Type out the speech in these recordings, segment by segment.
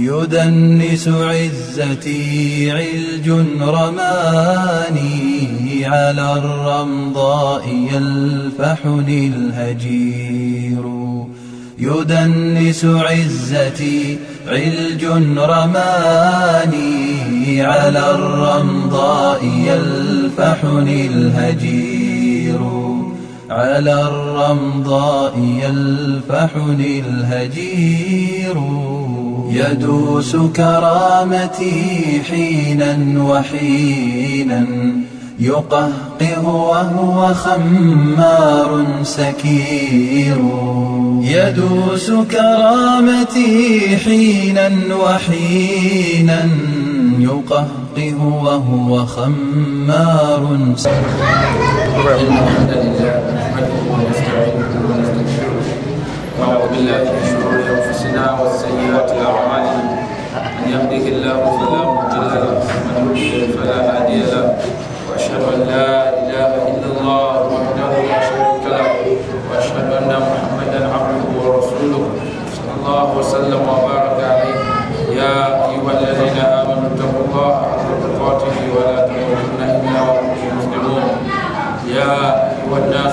يدنس عزتي علج رماني على الرمضاء يلفحني الهجير يدنس عزتي علج رماني على الرمضاء يلفحني الهجير على الرمضاء يلفحني الهجير يدوس كرامتي حينا وحينا يقهقه وهو خمار سكير يدوس كرامتي حينا وحينا يقهقه وهو خمار سكير الحمد لله نحمده ونستعينه ونستغفره ونعوذ بالله من شرور انفسنا والسيئات أعمالنا من يهده الله فلا مضل له ومن يضلل فلا هادي له وأشهد أن لا إله إلا الله وحده لا شريك له وأشهد أن محمدا عبده ورسوله صلى الله وسلم وبارك عليه يا أيها الذين آمنوا اتقوا الله حق تقاته ولا تموتن إلا وأنتم مسلمون يا أيها الناس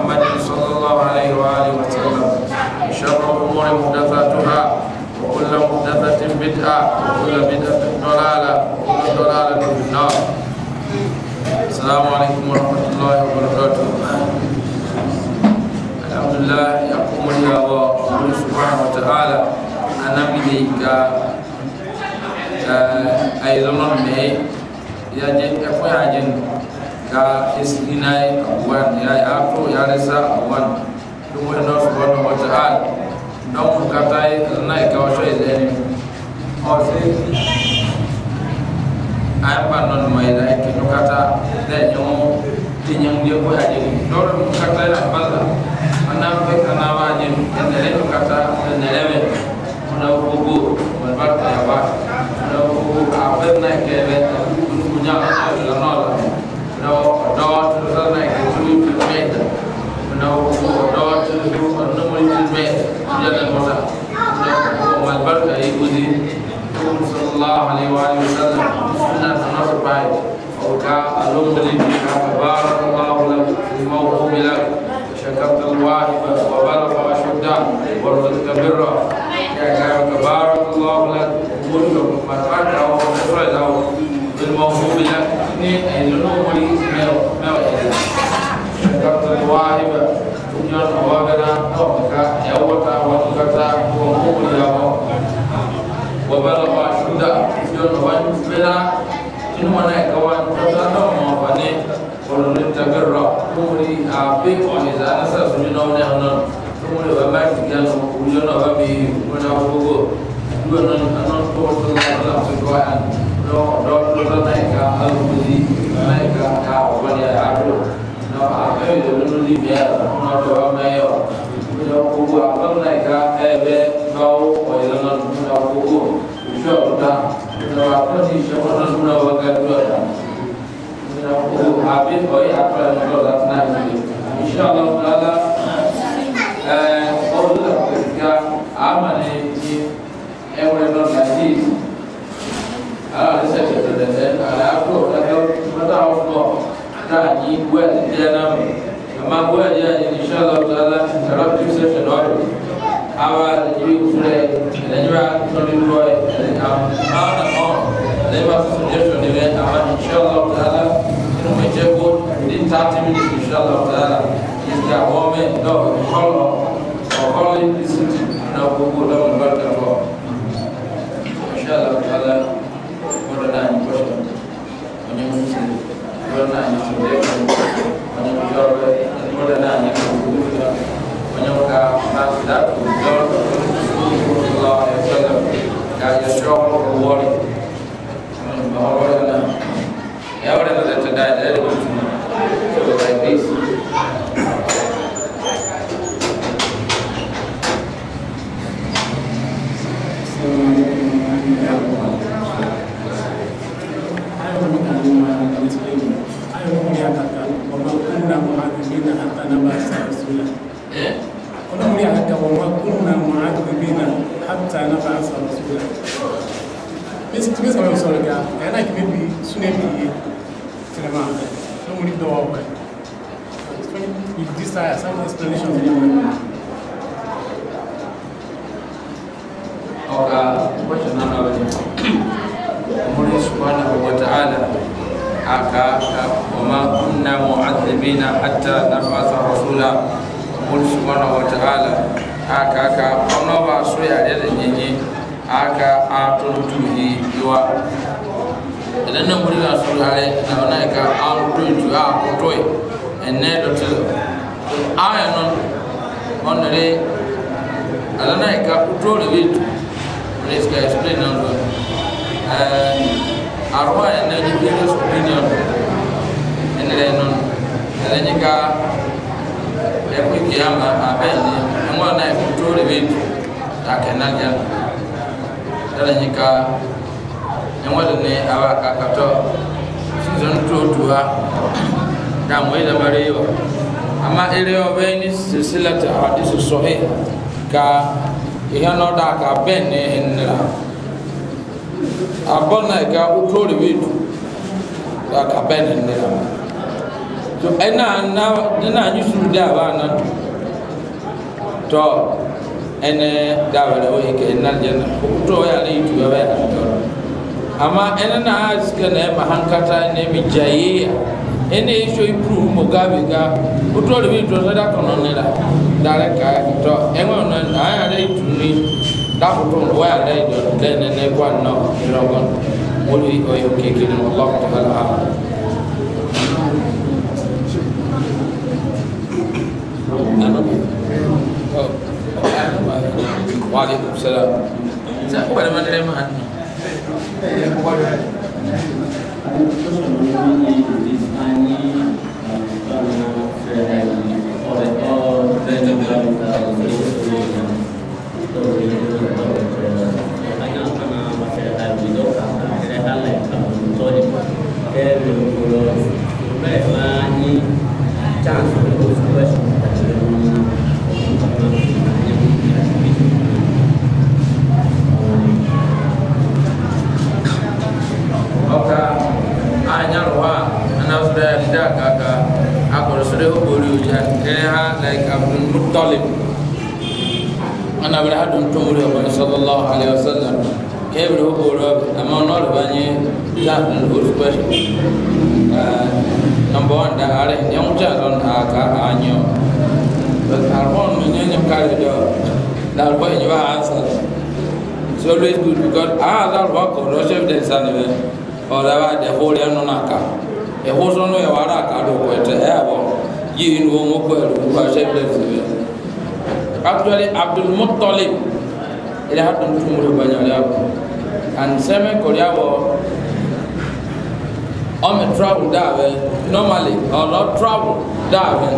وكل بدعة ضلالة وكل ضلالة في النار السلام عليكم ورحمة الله وبركاته الحمد لله يقوم لي الله سبحانه وتعالى أنا بديك أيضا من يجب أفوى جنة ka isginai awan ya yato ya risa awan duk wani nasu wani wata al don mu ka tayi na ka wata izini hose ayamba non mayra e kino kata de ñomo ti ñangde ko aje dole mo kata la balla anam be kana waje ne le ko kata ne le be ona bugu mon barka ya ba ona bugu abe na ke be kun kunya la na la ona do to sa na ke tu tu me ona bugu do to tu ona mo ni me ya na mo ta ona bugu mon barka e bugu الله عليه وآله وسلم أنا سنصر باي وكا ألوم لديك بارك الله لك لموهوب لك شكرت الواهب وبلغ وشد ورزقك بره بارك الله لك وبلغ أشهده يوم وان بلا تنوانا كوان تتنو موفاني ولن تقرر تمري أبي وإذا نسى سجنون يهنون تمري ومن تجانو وجنون وبي من أبوه يونون أنون تقول الله سبحانه do do do naika aluzi naika ka wani ado na abe do lulu di bia na do ma yo do kuwa naika ebe kawo wa idan na tuna koko sha uta na wa kwati sha wa na tuna wa ga duwa ta na koko abi oi akra na ko la na ni insha Allah taala eh ko la ka amane ni e wa na na ni ah sa ta da da ala ko da ko mata wa ko ta ni wa da na amma ko ya insha Allah taala tarabtu session oil our usually Nigeria Trolling Boy and um, on and on. They were suggestion event and inshallah ta'ala, you know, my good within 30 minutes inshallah ta'ala is the woman, no, the call of calling this city, no, go go down and back and forth. Inshallah ta'ala, what a nine question. When you see, what a nine is today, when you see, what a nine menyuka mas dan tujuan Rasulullah SAW kaya syurga kuali bahawa yang ada yang ada yang ada yang ada yang ada based on your sorry, I like maybe soon maybe cinema. No money do our way. If this I have some explanation for you. Ọ̀gá wọ́n náà lọ ní ọmọdé ṣùgbọ́nà wọ́ta àdá aka ọmọ kúnnà mọ̀ àtẹ̀mínà àtà nàfàṣà rọ̀súlà ọmọdé ṣùgbọ́nà wọ́ta àdá aka ọmọ bá sóyà rẹ̀ lẹ́yìn aka atun tuhi yuwa idan nan muri na suru hare na wana ka an to ju a ko to enne do to aya non onere alana ka to le bit ne ska explain nan do eh arwa enne ni bi ne opinion enne non alanya ka ya ku kiyama abeni ngwana ko to le bit akena jana dala nyi ka nyɛwɔli ni a b'a ka ka tɔ sinzɔn tuo tuwa daa mo yɛlɛma de yi ama ere wa bɛ ni sisila ta a ti sɔhi ka ihe nɔ daa ka bɛn ni nira a bɔ na yi ka o tuo de bi du daa ka bɛn ni to ɛna na ɛna nyi suru de a b'a na tɔ ɛnɛ dawɛrɛ o yi kɛ ɛnna jɛna o kutu o y'ale yi tuya o y'ale yi tɔrɔ ama ɛnɛ na a sikɛ na ɛma hankata ɛnɛ mi dza ye ya ɛnɛ yi so ipuru mo ga bi ga o tɔ de bi tɔ sɛda kɔnɔ ne la dare ka tɔ ɛŋɔ na a y'ale yi tu ni dakutu o y'ale yi tɔ lɛ nɛnɛ kɔ anɔ yɔrɔ kɔnɔ o de o y'o kɛ kelen o lɔ kɔfɛ la. Waalaikumsalam. Siapa nama Sulaiman ni? Thank you. ọka anyarụwa anasụda ya ndị aka aka akọrọsịrị ogbori ụja kere ha like abdul muttalib anabere ha dum tumuri ọgbani sallallahu alaihi wasallam kebiri ogbori ọbụ ama ọ nọrọ banye jaafin otu kwesịn nọmba wọn da ara nyɛ ŋutsu aɖe na ka anyɔ arbɔn mi nyɛ nyɛ kari dɔ la arbɔ yi nyɛ so always good because aa la arbɔ kɔ lɔ chef de ọ̀rẹ́ wa dẹ̀ hó rẹ̀ nù nàka ẹ̀hó sọ́nù ẹ̀ wàrà àkàdù kọ̀ẹ̀tẹ̀ ẹ̀ bọ̀ yìí nu wọn kọ ẹ̀rù kúrò àṣẹ ìbílẹ̀ ìbílẹ̀ actually abdul muttalib ilẹ̀ hàtò ní túmọ̀ ló gbanyà rẹ̀ àbọ̀ and sẹ́mi kọ̀rẹ́ àbọ̀ ọmọ travel dàbẹ̀ normally ọ̀rọ̀ travel dàbẹ̀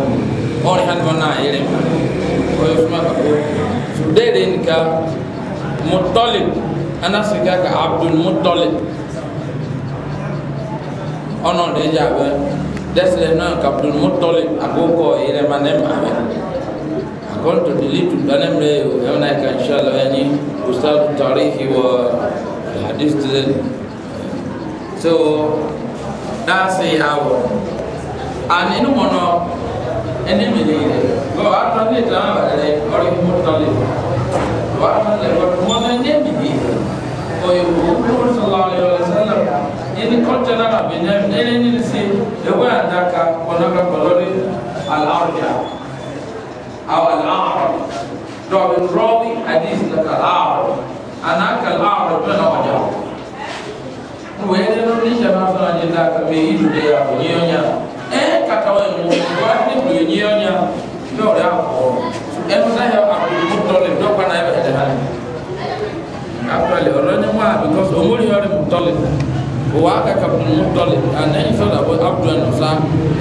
ọ̀rìn hàn wọn náà yẹrẹ ọ̀yọ̀ fún mi àkàkọ́ today de nìkan muttalib anasika ka abdul muttalib ɔnɔ de dza bɛ dɛsɛ nɔ kapitɔn mɔtɔli akokɔ yɛlɛma nɛ ma bɛ akɔntɔ deli tu dɔnɛ mɛ o ɛmɛna yi ka nsala ɛni ustaz tarihi wɔ hadis ti lɛ so daasi awɔ ani nu mɔnɔ ɛni mi le yɛlɛ bɔn atɔ ne ta ɛlɛ ɔri mɔtɔli wa atɔ lɛ bɔn mɔmɛ ne mi bi o ye o mɔmɔ sɔlɔ aleyhi wa sallam ini kɔntɛna la bi nyɛ ne ne ne si ewu yɛ da ka kɔnɔ ka kɔlɔ di alaarja awo alaar dɔw bi rɔbi hadis na ka alaar ana ka alaar bɛ na wa jaa wo yɛ ne ni sɛ fana nyɛ da ka bi yi de ya ko nyɛ nyɛ ɛ ka taa wɛ mo wa ne bu nyɛ nyɛ dɔw de y'a kɔ ɛnu na yɛ a ko mo dɔ le dɔ kpa na yɛ hali a kɔrɔ le ɔlɔ ne mu a bi kɔsɔ o mo ni yɔrɔ de mo dɔ le. وعد كابن المطلب أن ينصر أبو عبد النصر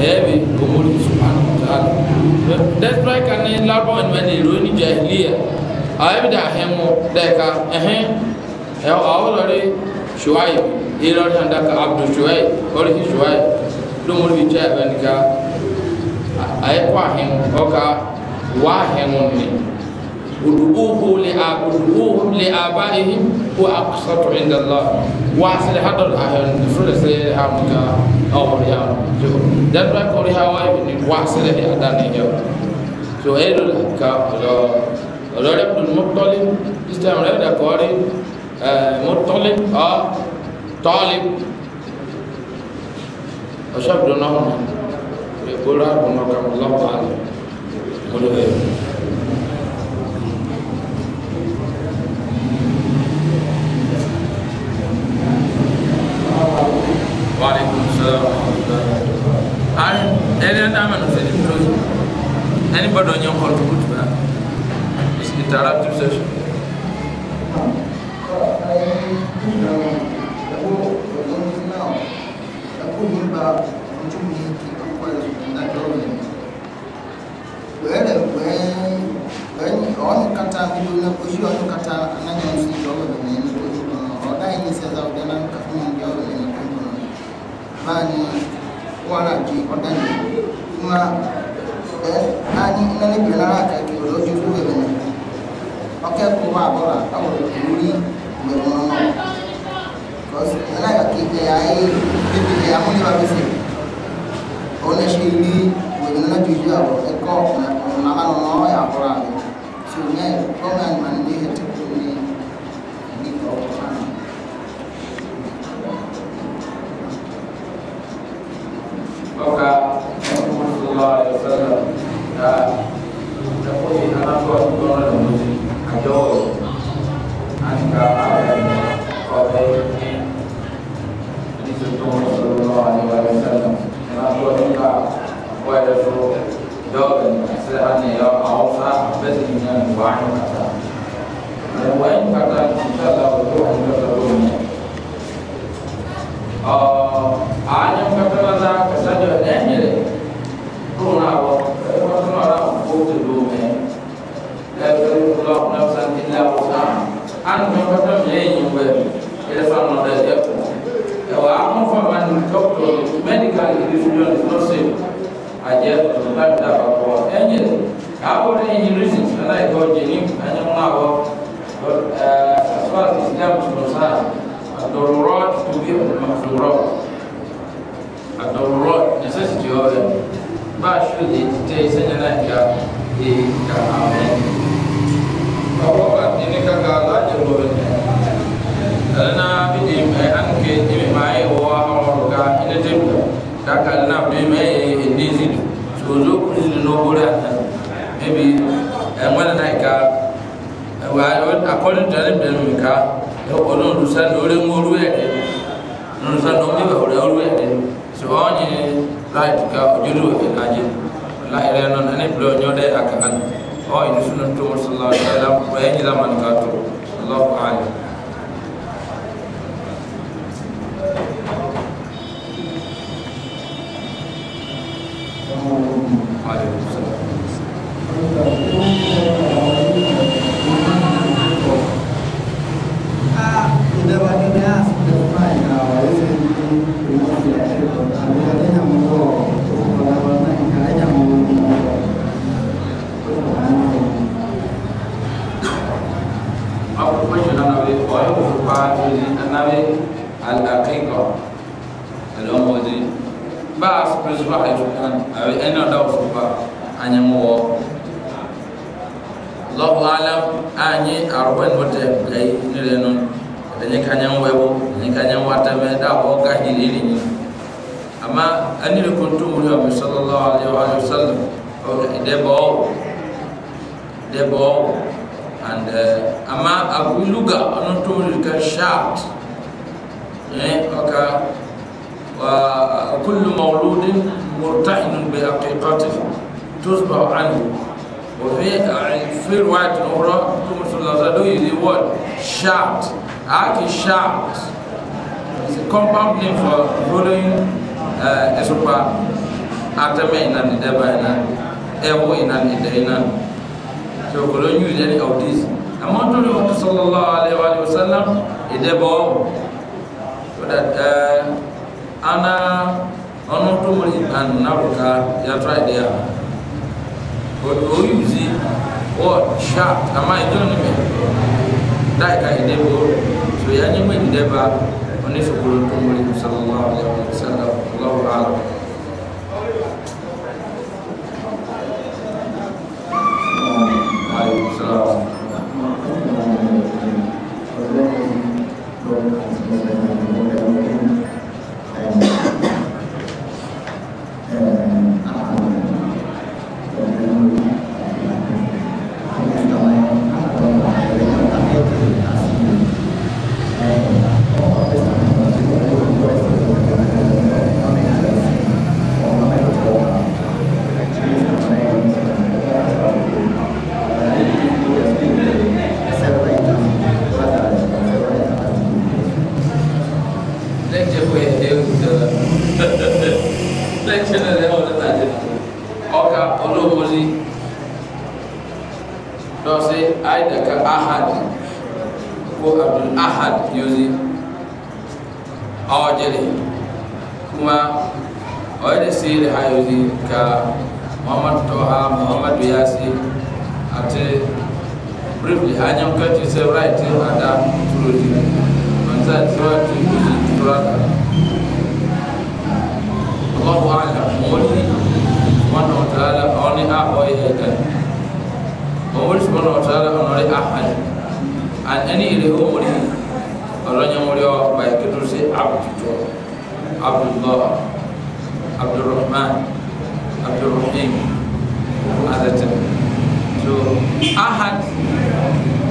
أبي أمور سبحانه وتعالى that's why kan ni labɔ ni wani roni jahiliya a yi bi da ahɛn mu da ka ɛhɛn ɛwɔ e awo lɔri shuwaye yi lɔri hàn da ka abdu shuwaye lɔri hi shuwaye lomori bi jɛ ɛbɛn ka a yi mu ɔka ادعوه لأبوه لآبائهم هو أقسط عند الله وأصل هذا الأهل فرد سيد أمك أو مريم جو ده بقى كوريها وايد وأصل هذا نيجو so elu ka lo lo le pun muttalib islam le da kori muttalib a talib ashab dunahum يقول ربنا كم الله تعالى قلوا ايه Ayi, ɛdi ɛdi ama no sɛdi tó so. Ɛni bɔdɔ nyɛ nkɔlɔ kutu ba. Ìtara tó sɛso. wɛrɛ wɛɛ wɛɛ ɔnu kata kudu na kusi ɔnu kata ananyɛ nsi yɔ wɛ wɛ nyi kusi ɔda yi ni sɛ zawu dɛ na kafu mu yɔ wɛ hani wara ki odani ma eh ani nani belara ka ki ro ju ku be ne oke ku ba bora awo ri me mo no cause ala ka ki ke ai bi bi ya mo ni ba bi se ona shi ri we na ju ju awo e ko na na ma no ya bora so ne ko man man ni ìjọba ní ní àsìkò fún àìgbà wáyé ṣe ní ìwọ̀n dɔw se a yi daga ahad ko abdul ahad yozi awa jeli kuma o yi da se da ha yozi ka muhammadu toha muhammadu yasi ati briefly a nyɛ ka ti sɛ right a da turo di man sa tura ti yozi tura ka allahu ala mɔli wani wa taala ɔni a ɔyi yɛ omori sumana wataala onore ahad an ani ile omori olonyamori o bayakiturse abduto abdullah abdurrahman abdurrahim adata so ahad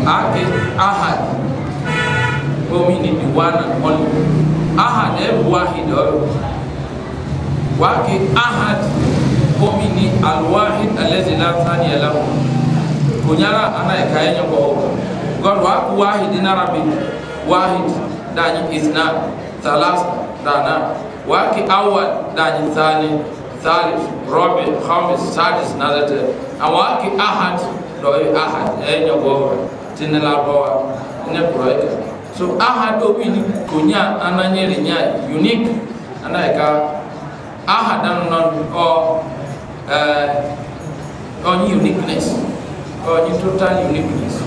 ake ahad omini the one and only ahad ebuwahid oyo wake ahad omini alwahid alezi la thania lahu kunyara ana e kaye nyoko god wa ku wahid in arabic wahid da isna thalas dana, na wa ki awal da ni thani thalith rabi khamis sadis nazate awa ahad do e ahad e nyoko tinela bawa ne proye so ahad obi ni kunya ana nyere nya unique ana e ka ahad dan non o eh on uniqueness or in total uniqueness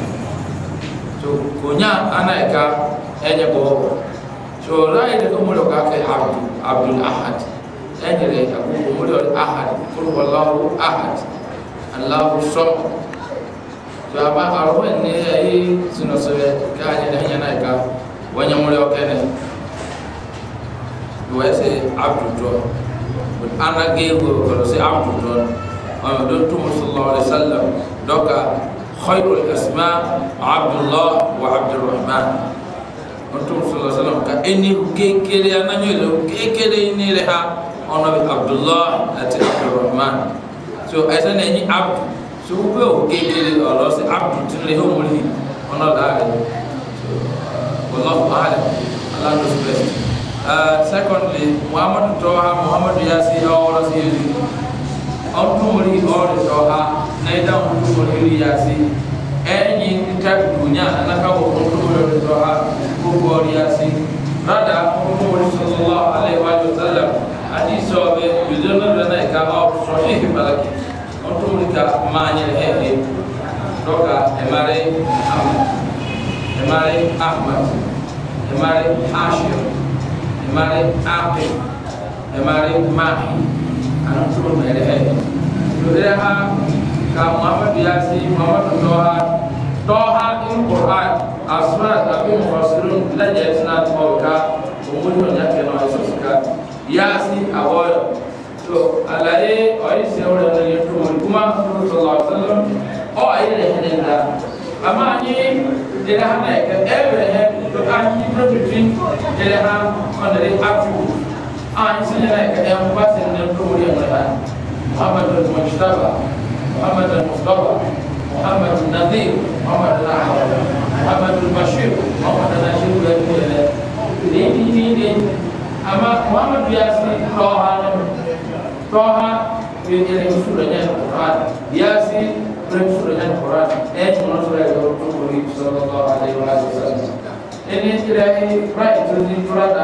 so konya anaika enye bobo so lai de komulo ka ke abdul abdul ahad enye de ka komulo ahad kul wallahu ahad allahu sam so ama arwa ne ai sino sobe ka enye de enye naika wanya mulo kene abdul to ana ge ko ko se abdul to on don tumu sallallahu alaihi wasallam دوكا خير الأسماء عبد الله وعبد الرحمن أنتم صلى الله عليه وسلم كأني كيكلي أنا نيلو كيكلي نيلها أنا عبد الله أتي عبد الرحمن سو أنا نيني عبد so هو كيكلي الله سي عبد تنلي هم لي أنا لا والله أعلم الله نسبه آه، Uh, secondly, Muhammad Toha, Muhammad Yasi, all of you, all to me, na ita hutu wani iri ya si enyi ta dunya na ka wa hutu wani zuwa ha ko kuwari ya si rada hutu wani sallallahu alaihi wa sallam hadisi wa bai yuzunar da na ika ba sahihi malaki hutu wani ka manyar hefe doka emare ahmad emare ahmad emare ashir emare aqil emare mahi an tuur mere hefe lori ka muhammadu ya ce muhammadu doha doha in qur'an asura da bin fasirun la ya tsina tawka umuri ya ke na su suka ya si awoyo to alaye oyi se wala na le to kuma sallallahu alaihi wasallam o ayi ne hinin da amma ni dere ha na ke ebre he to an yi property dere ha on the actu an sun ne ke en pasen ne to wuri ne ha amma to mujtaba محمد المصطفى محمد النذير محمد الأعظم محمد البشير محمد الناشر الأولى لين لين أما محمد ياسين طه طه يجري سورة القرآن ياسين بريم سورة القرآن أنت من سورة القرآن صلى الله عليه وسلم إن إلهي رأيت الذي فرد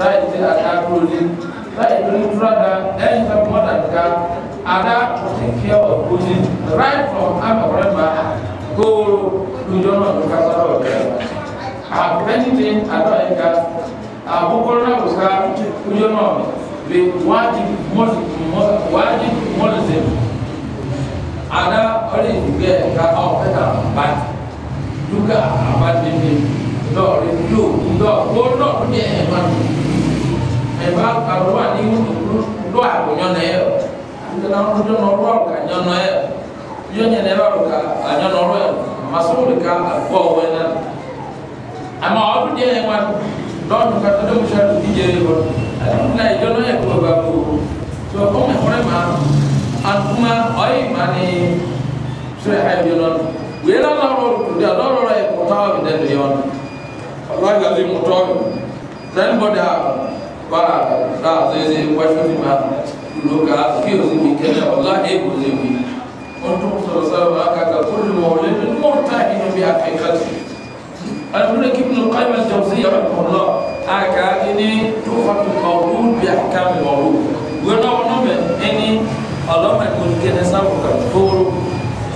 رأيت الأكابر that is really brother and your mother can ada to take care of Putin right from Amabrema go to Donald Kasaro. Have anything at all, Abukona was got to your mom with wajib wajib monism. Ada only to get that out better, but look at abandonment. Lord, you, Lord, go not to the ɛba arowa ni ŋdo ago nyɔnɔ yɛ ndena ŋdo nɔrɔ ka nyɔnɔ yɛ nyɔnyɛ nɛ baro ka nyɔnɔ rɔ yɛ masoro ka a gbɔ wɛ na ama ɔdu deɛ yɛ ŋmanu dɔɔnu ka tɛ dɔmu sɛ ti dze yɛ kɔnɔ ɛdina yɛ nyɔnɔ yɛ kɔnɔ ba ko so ɔmɛ kɔrɛ ma akuma ɔyi ma ni sɛ ayi bi nɔnɔ wòye la lɔrɔ lòtò dɛ lɔrɔ yɛ kɔtɔ bi dɛ yɛ wɔn ɔlɔ ba da zai zai wasu ne ma loka ki yanzu ki kana wallahi ko zai yi wannan sallallahu aka ka kullu mawlidin murtahin bi haqiqati al-mulk ibn qayyim al-jawziyya rahimahullah aka ini tuhfatul mawlud bi ahkam al-mawlud wala wala ini Allah mai kun kana sabu ka toro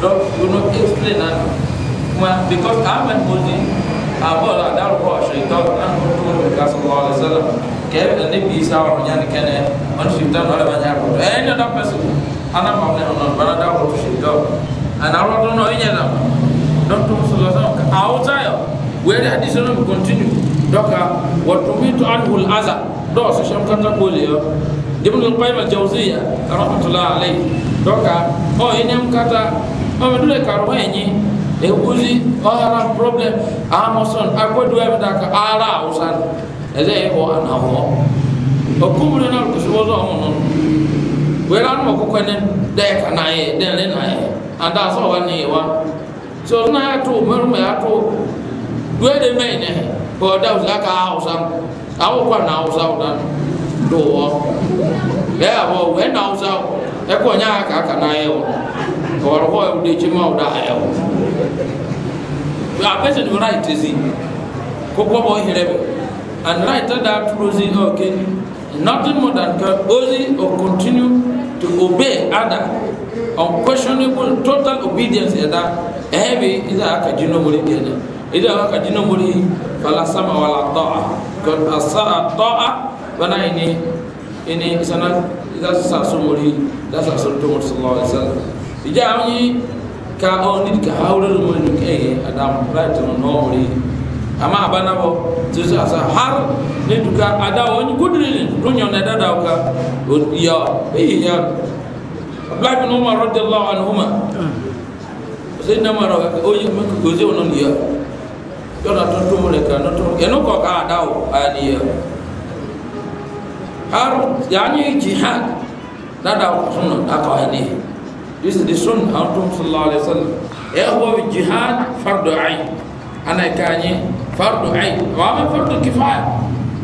so you know explain that because I'm a Muslim abọ́ọ̀lù àdárúkọ ṣètò àkókò nǹkan sọ̀rọ̀ ọ̀rẹ́ sẹ́lẹ̀ kẹ́ẹ̀bẹ̀ níbi iṣẹ́ àwọn ọ̀rọ̀ yẹn kẹ́nẹ̀ wọ́n ti ṣètò àwọn ọ̀rẹ́ yẹn àkókò ẹ̀yìn ní ọ̀dọ́ pẹ̀sì anamọ̀lẹ́ ọ̀nà ìbára dárúkọ ṣètò ànàrọ̀ tó náà yẹn nà dọ́tún sọ̀rọ̀ sọ̀rọ̀ àwọn táyọ̀ wẹ́rẹ́ àdìsọ́nà mi kọ́ntínú dọ́ka wọ́túnmí tó àdìwòl àzà dọ́ọ̀ sọ̀sọ̀ kọ́ńtà kọ́ọ̀lì yọ dibulu kpayima jawziya rahmatulah alayhi dɔka ɔ yi nyɛ kata ɔ mi dule karuwa e wuli ɔra problem amosɔn akɔduwa bi taa ka ara awusan ɛdɛ yɛ wɔ ana wɔ o kumuni na kusubɔsɔ ɔmo no wɛrɛ anu ma kɔkɔ ne dɛ kana ye dɛ ne na ye anda sɔ wa ne ye wa so na yɛ to mɛru ma yɛ to de mɛ ne ɔda wusa ka awusan awo kɔ na awusa wɔ dan do wɔ ɛ awɔ wɛ na ɛkɔ nya ka kana ye wɔ kawar ho yau da ma da ayaw a person right zi ko ko bo hire and right that truzi okay nothing more than can only or continue to obey other unquestionable total obedience da ebi ida aka jino muri kenan ida aka jino muri fala sama wala ta'a kan asa ta'a bana ini ini sana ida sa so muri da sa so to sallallahu alaihi wasallam ija awyi ka onid ka hawrel mon eye adam raitan noori ama abana bo tisu asa har ne duka ada woni gudrini dunyo ne dada ka ya ya abdullah bin umar radiyallahu anhuma sayyidina umar o yi man ko gozo non ya dona to to mole ka no to eno ko ka ada o ani ya har yani jihad dada sunno da ko ani This is the sunnah of Prophet sallallahu alaihi wasallam. Ehwa bi jihad fardu ayn. Ana kanye fardu ayn. Wa ma fardu kifaya.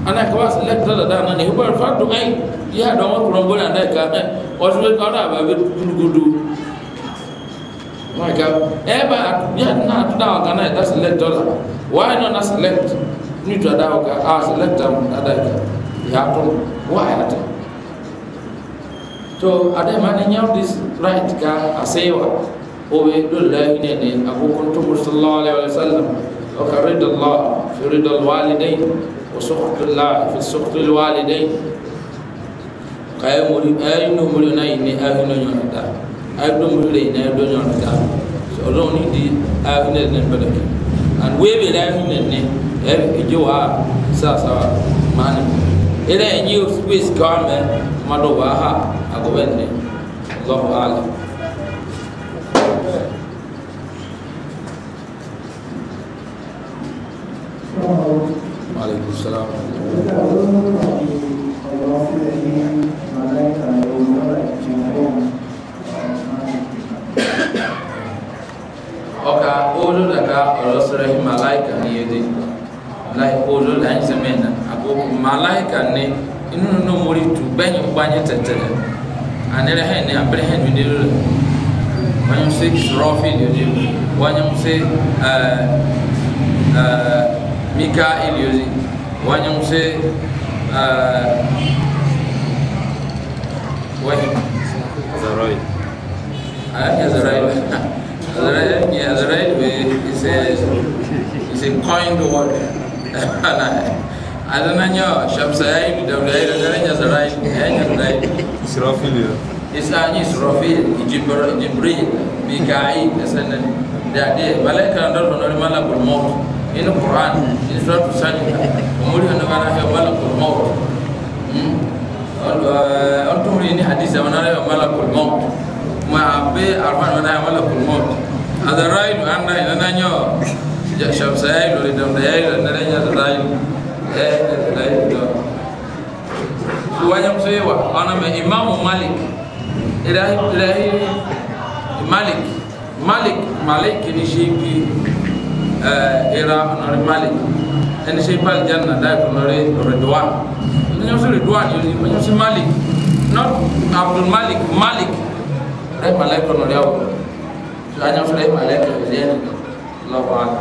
Ana kwa select da da na ni huwa fardu ayn. Jihad wa kuma bola da ka. Wasu be kada ba be gudu. My God. Eba jihad na tuda ga na da select da. Why not select? Ni tuda ga. Ah select am da ka. Ya to. Why not? to ada mana nyaw dis right ka asewa o be do la ne ne abu kuntum sallallahu alaihi wasallam wa karid allah fi rid al walidain wa sukhut allah fi sukhut al walidain kay muri ayinu muri nay ni ayinu nyonta ay do muri ne do nyonta so do ni di ayinu ne balaki and we be la ne ne e jowa sa sa mana ila enyi Swiss government mado ba ha agobende Allahu a'lam Alaikum salam. Ọka olu daga ọ̀rọ̀ sọ̀rọ̀ malaika ni yedi. Láì olu la ń sẹ́mẹ̀ malaika ni inu no mori tu bɛnyi banye tɛtɛ anere hɛn ni abere hɛn mi dero la wanyɛ mu se srɔfi diozi wanyɛ mu se ɛɛ ɛɛ mika iliozi wanyɛ se ɛɛ wɛ. zarai. ayɛ zarai la zarai yeah zarai is a is a coined word. Ada nanya Syamsaib dan Udair dan Udair Zarai Hanya eh, Udair Israfil ya Isa ni Israfil Jibril Jibril Bikai Asana Jadi Balik kan Dari Dari Malah Bermot Ini Quran Ini Surat Usani Kemudian anda Dari Dari Malah Bermot Untuk ini hadis Dari Dari Malah Bermot Ma'abbi Arfan Dari Malah Bermot Ada Rai Dari Ada Nanya Syamsaib Dari Dari Dari Dari Dari Dari ɛɛ la yi dɔ wanyɔmuso ye wa ɔnɔ imamu malik ilahi ilahi malik malik malik ni seeki ɛɛ eh, ira ɔnɔri malik ɛni seeki pali janna da yi ɔnɔri ridwan ɔnyɔmuso ridwan yoni malik not abdul malik malik ɛɛ malik ɔnɔri awo ɔnyɔmuso ɛɛ malik ɔnɔri yɛn ala.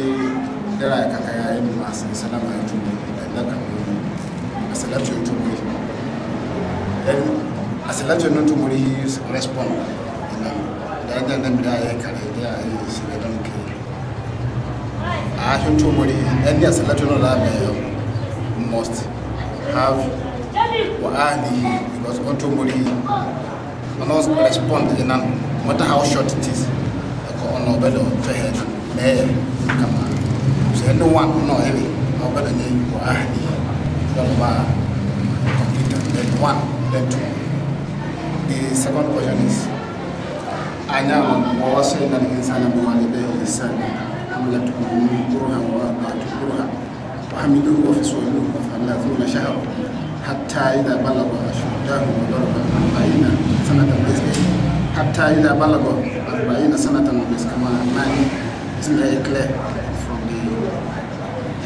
salatu nun tu muri respond ina da da nan da ya kare da ya yi sai da mun kai a hin tu muri dan ya salatu nun la me must have wa ali because on tu muri on respond ina matter how short it is ko on obedo fair me kama so no one no any a ni wa ali don't then one, then two. The second question is, ana wawasiliana na insana biwalidayhi ihsana kabla tukuruha wa tukuruha وحملوه وفصوله ثلاثون شهرا حتى إذا بلغ أشده وضرب أربعين سنة بإذنه حتى إذا بلغ أربعين سنة بإذن كما man is very clear from the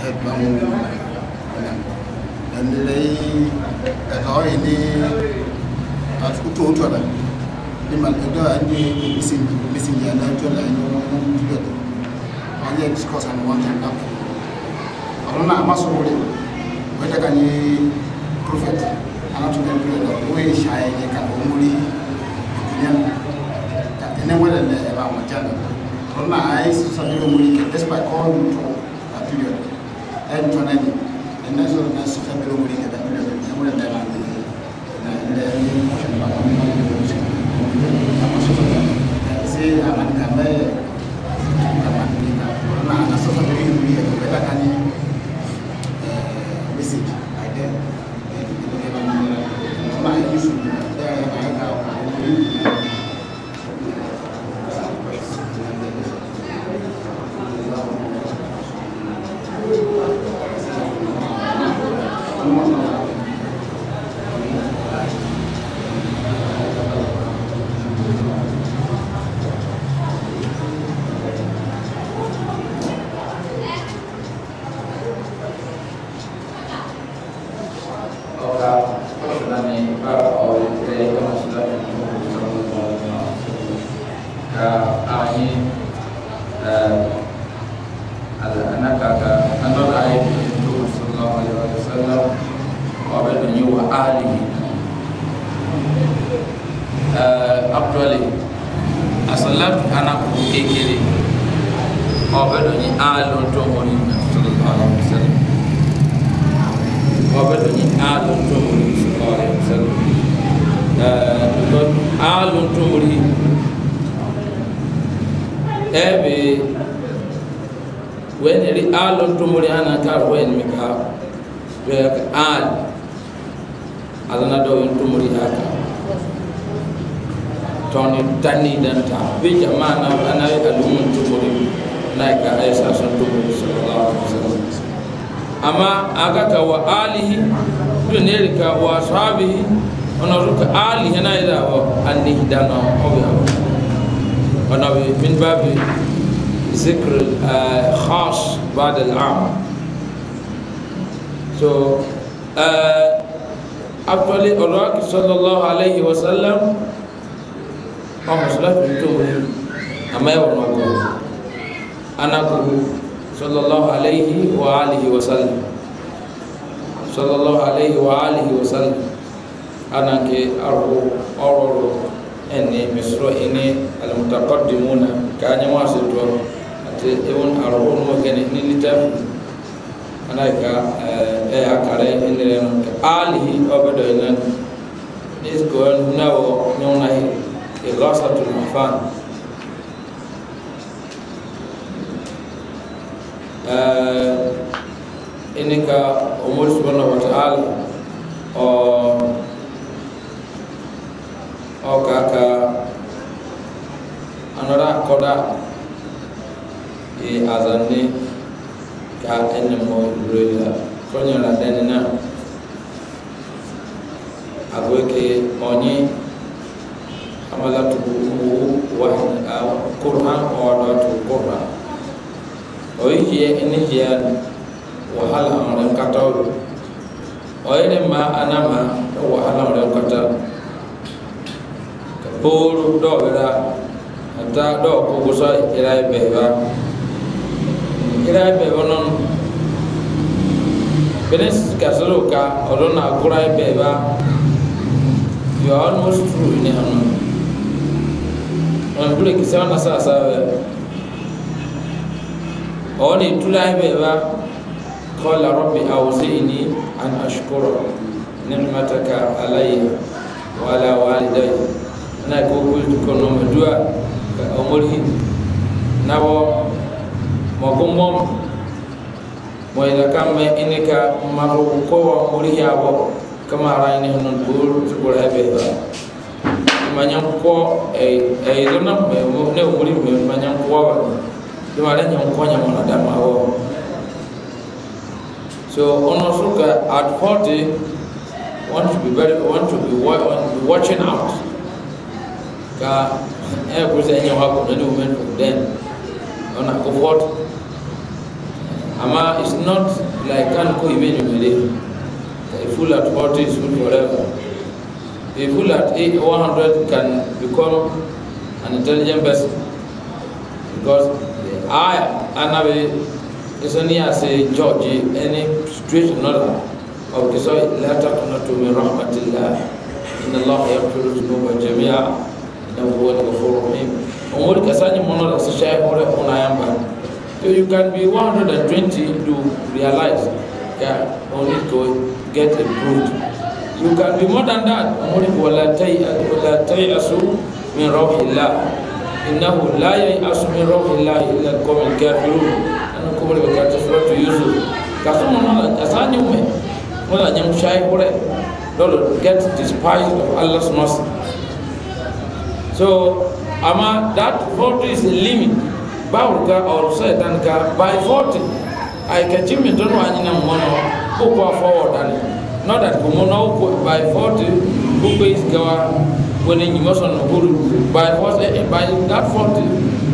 head bound and they already at utootɔla ni malikɛdɔ ani misiliana jɔla ni ɔmɔ juyɔ dɔ an yɛ discourse ani wɔn kan kan ɔlɔ na a ma sɔrɔ o de o yɛrɛ ka ye prophet ala tun bɛ prophet la o ye sariya ye ka o mori dunuya la ka tɛnɛ wɛrɛ lɛ ɛ b'a ma ja la ɔlɔ na a ye sisan yɛrɛ mori kɛ despite all the trouble that period ɛ jɔna ni ɛ n'a sɔrɔ n'a sɔrɔ العالمين بعد الأعمى hinire no ke alihi obedo inan this going now nyona hi igasatul mafan uh, uh inika umur subhanahu wa ta'ala o uh, o uh, kaka anora koda e azanni ka enmo roila fɔnyɔ la dɛni na aboe ke ɔnyi amala tugu owu wa kurha ɔdɔ tu kurha oyi hie ɛni hie wahala ɔrɛn kata o oyi ne ma anama wahala ɔrɛn kata poolu dɔw bɛ la ata dɔw ko gosɔ ira bɛɛ ba ira bɛɛ ba nɔnɔ. Finish Casaloka, Orona Kurai Beba. You are almost true in your own. When Blake is on a sasa, only Tulai Beba, call a Robby Awzini and Ashkoro, Nimataka Alaya, Wala Walidai. na ko kultu ko no madua ka omori na bo mo gombom moyla kamɓe ine ka marugu kowa ɓuri yaabo kama arayne honon ɓur ɓur heɓeɗa mañan ko eyirona eh, eh, ne ɓuri mañan kowa ɗum ala ñan koñamono dama o so ono suka at forty want to be very want to be, want to be watching out ka e eh, kusa ñawa ko nani wumen ɗum den ona ko forty Ama it's not like can go even A fool at 40 is good forever. A fool at 100 can become an intelligent person. Because the eye, Anabe, is only as a judge, any situation not of the soil, in the من رحمة الله to الله يغفر الذنوب جميعا إنه هو الغفور الرحيم. Omori kasani mwana la sasha ya mwana unayamba. So you can be 120 to realize that only to get improved. You can be more than that. Only وَلَا تَيْأَسُ مِنْ رَوْحِ اللَّهِ إِنَّهُ لَا يَيْأَسُ مِنْ رَوْحِ اللَّهِ إِلَّا الْقَوْمِ الْكَافِرُونَ أنا كمل بكات سورة يوسف كاسم أنا أساني أمي ولا نيم شاي ولا don't get despised of Allah's mercy. So, ama that vote is a limit bawul ka or satan ka by forty ay ka jimmi don wa nyina mono ko ko forward an not that ko mono ko by forty ko ko is gawa woni nyima son ko by forty eh, by that forty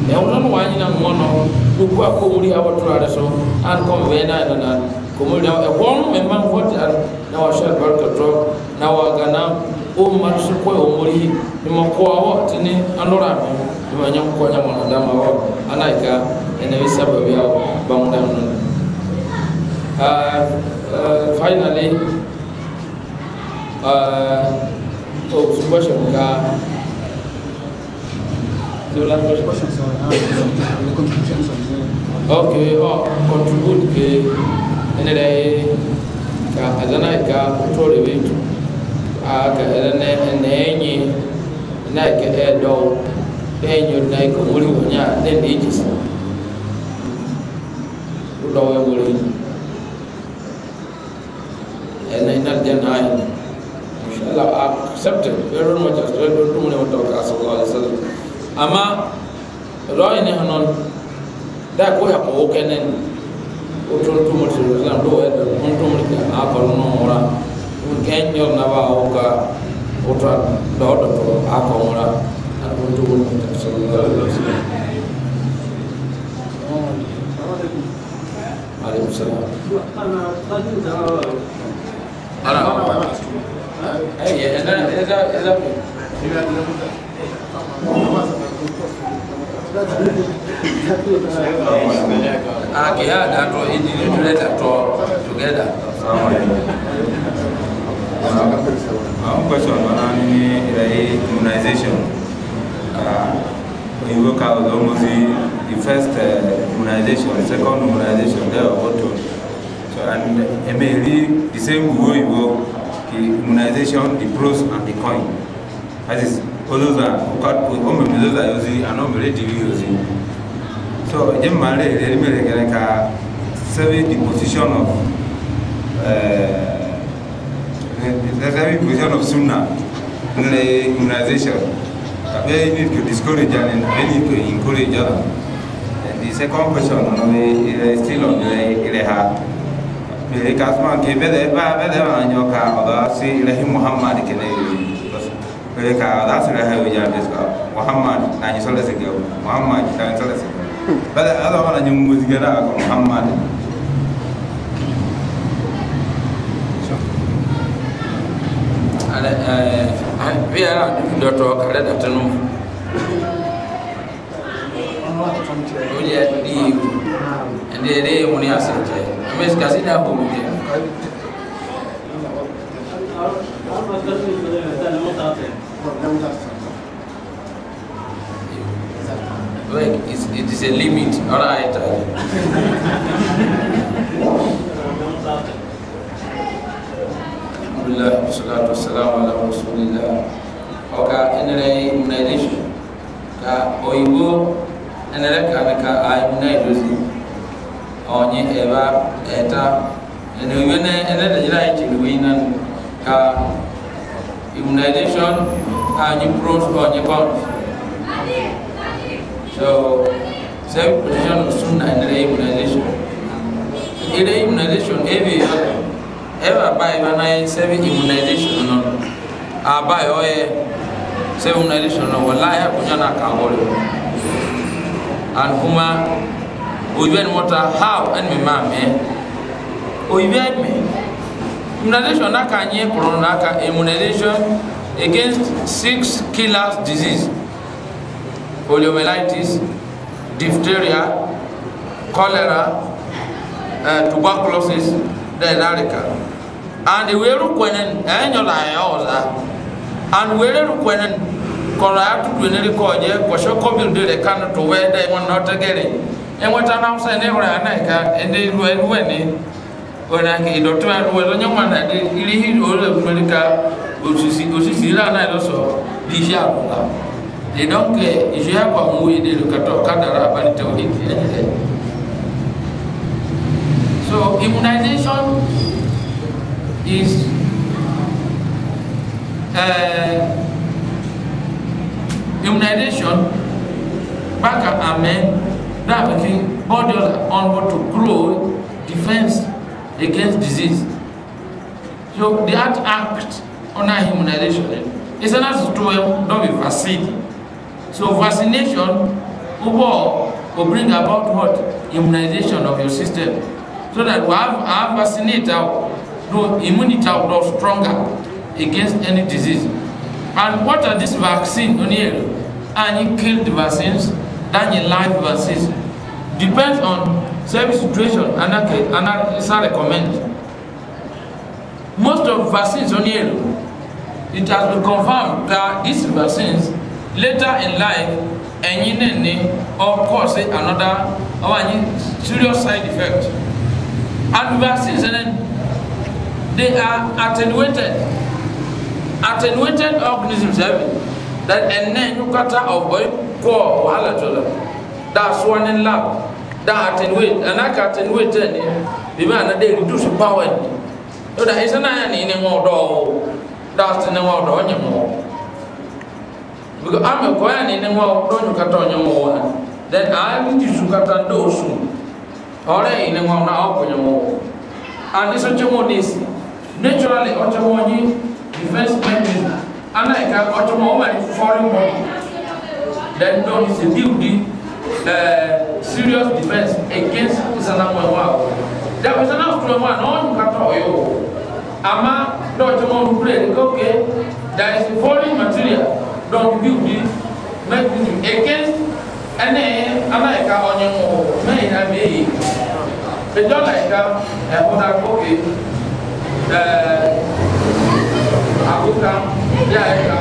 e won wa nyina mono ko ko ko muri abatura so an ko vena na na ko muri e won me man forty an na wa sha barka to na wa ganam o mari su koy o mori ima ko awo tini anora do ima nyam ko nyam na dama wa anaika ene wi sababu ya bangu da nun uh, uh, finally uh, o su ko shi ka So la question sur la contribution Ok, oh, contribute que en el ka azana ka control event aka ene ene enyi ke edo enyi na ko muri wonya ne ne jisi udo we muri ene na jana ai inshallah accepted very much as well do mun Allah alaihi ama roi ne hanon da ko ya ko kenen o tun tumur sallallahu alaihi wasallam do e da tun en y o na wa o ka o ta do do to a ko mara a ko to ko ni sallallahu alaihi w a a l l a m عليه السلام انا اي اذا اذا اذا Ah, que a t h t or in the letter together. our question on any immunization. Uh, in workout, almost the, the first uh, immunization, the second immunization, there are auto. So, and uh, the same way work the immunization, the pros and the coin. That is, all those are, all those are using, and all the using. So, Jim Malay, the American, survey the position of. Uh, There's every position of Sunnah in the immunization. We need to discourage and we need to encourage others. And the second question is still on the Ileha. Mele kasman ke bede ba bede ba nyoka oda si Ilehi Muhammad kene mele ka oda si Ilehi wija deska Muhammad na nyisolese ke Muhammad ta nyisolese. Bede ada wana nyimuzi gera Muhammad. ale ɛɛ kare da tenu o yɛ di yi ko ɛdi yɛrɛ ye mun y'a se cɛ da ko mun kɛ. Like it is a limit, all right. alhamdulillah wassalatu wassalamu ala rasulillah oka enere immunization ka oyibo enere kame ka a immunizozi onye eba eta ene oyibo ne enere jira ichiri weinan ka immunization anyi pros onye cons so self protection sunna enere immunization ere immunization ebe yọrọ ɛwɛ abaayɛ ba na yɛ sɛbi immunization no abaayɛ ɔyɛ sɛbi immunization no wɔn laayɛ akonya na aka wɔre and kuma oyibi ɛni wɔta how ɛni mi maa mɛ oyibi ɛni mɛ immunization n'aka nye kɔrɔ n'aka immunization against six killers disease poliomyelitis diphtheria cholera uh, tuberculosis then arica and weeru kwenen enyola ya oza and weeru kwenen kɔrɔ atutu ne de kɔɔ nye kɔsɔ kɔbil de le kan to wɛ dɛ mo nɔ tɛ gɛrɛ ɛŋɔta na sɛ ne wura ana ka ɛde lu ɛluwɛ ne wɛna ke dɔtɔ ɛluwɛ lɔ nyɔma na de ili hi o le lu ne ka osisi osisi la ana yɛ sɔ di fi ako la de donc je ya kɔ mu yi de lu kadara abani tɛ so immunization. Is uh, immunization back up amen that making body on to grow defense against disease so the act act on a immunization eh? is an answer to um, not be vaccine so vaccination will, will bring about what immunization of your system so that we have, have vaccinated do immunity will grow stronger against any disease. And what are these vaccines on here? And you kill the vaccines, than you live vaccines. Depends on service situation and I, and I, I recommend. Most of vaccines on here, it has been confirmed that these vaccines later in life ẹ̀yin náà ni or cause another or any serious side effect. And vaccines and they are attenuated attenuated organisms have eh? that and then cut of boy core wahala to them that's one in lab that attenuate and that attenuated the eh? man they reduce power so that is an iron in a more that's in a more door anymore because I'm a coin in a more don't you cut on your more then I will just cut on those soon or in a more now on your more and this is what you want naturally ọtọmọ yìí defence mechanism ana ẹka ọtọmọ ọmọ yìí foreign body then don is a deal di uh, serious defence against isanamu ẹwọ awọ dàbí isanamu kúrò mu àná ọ̀hún kàtà ọ̀yọ́ wọ̀ àmà dọ̀ ọtọmọ ọ̀hún kúrò ẹ̀ nìkan kẹ́ there is a foreign material don deal di mechanism against ẹnẹ ana ẹka ọ̀nyẹ̀wọ̀ mẹ́yìn náà mẹ́yìn ẹjọ́ náà ẹka ẹ̀hún náà kọ́ kẹ́ abuka yaya ka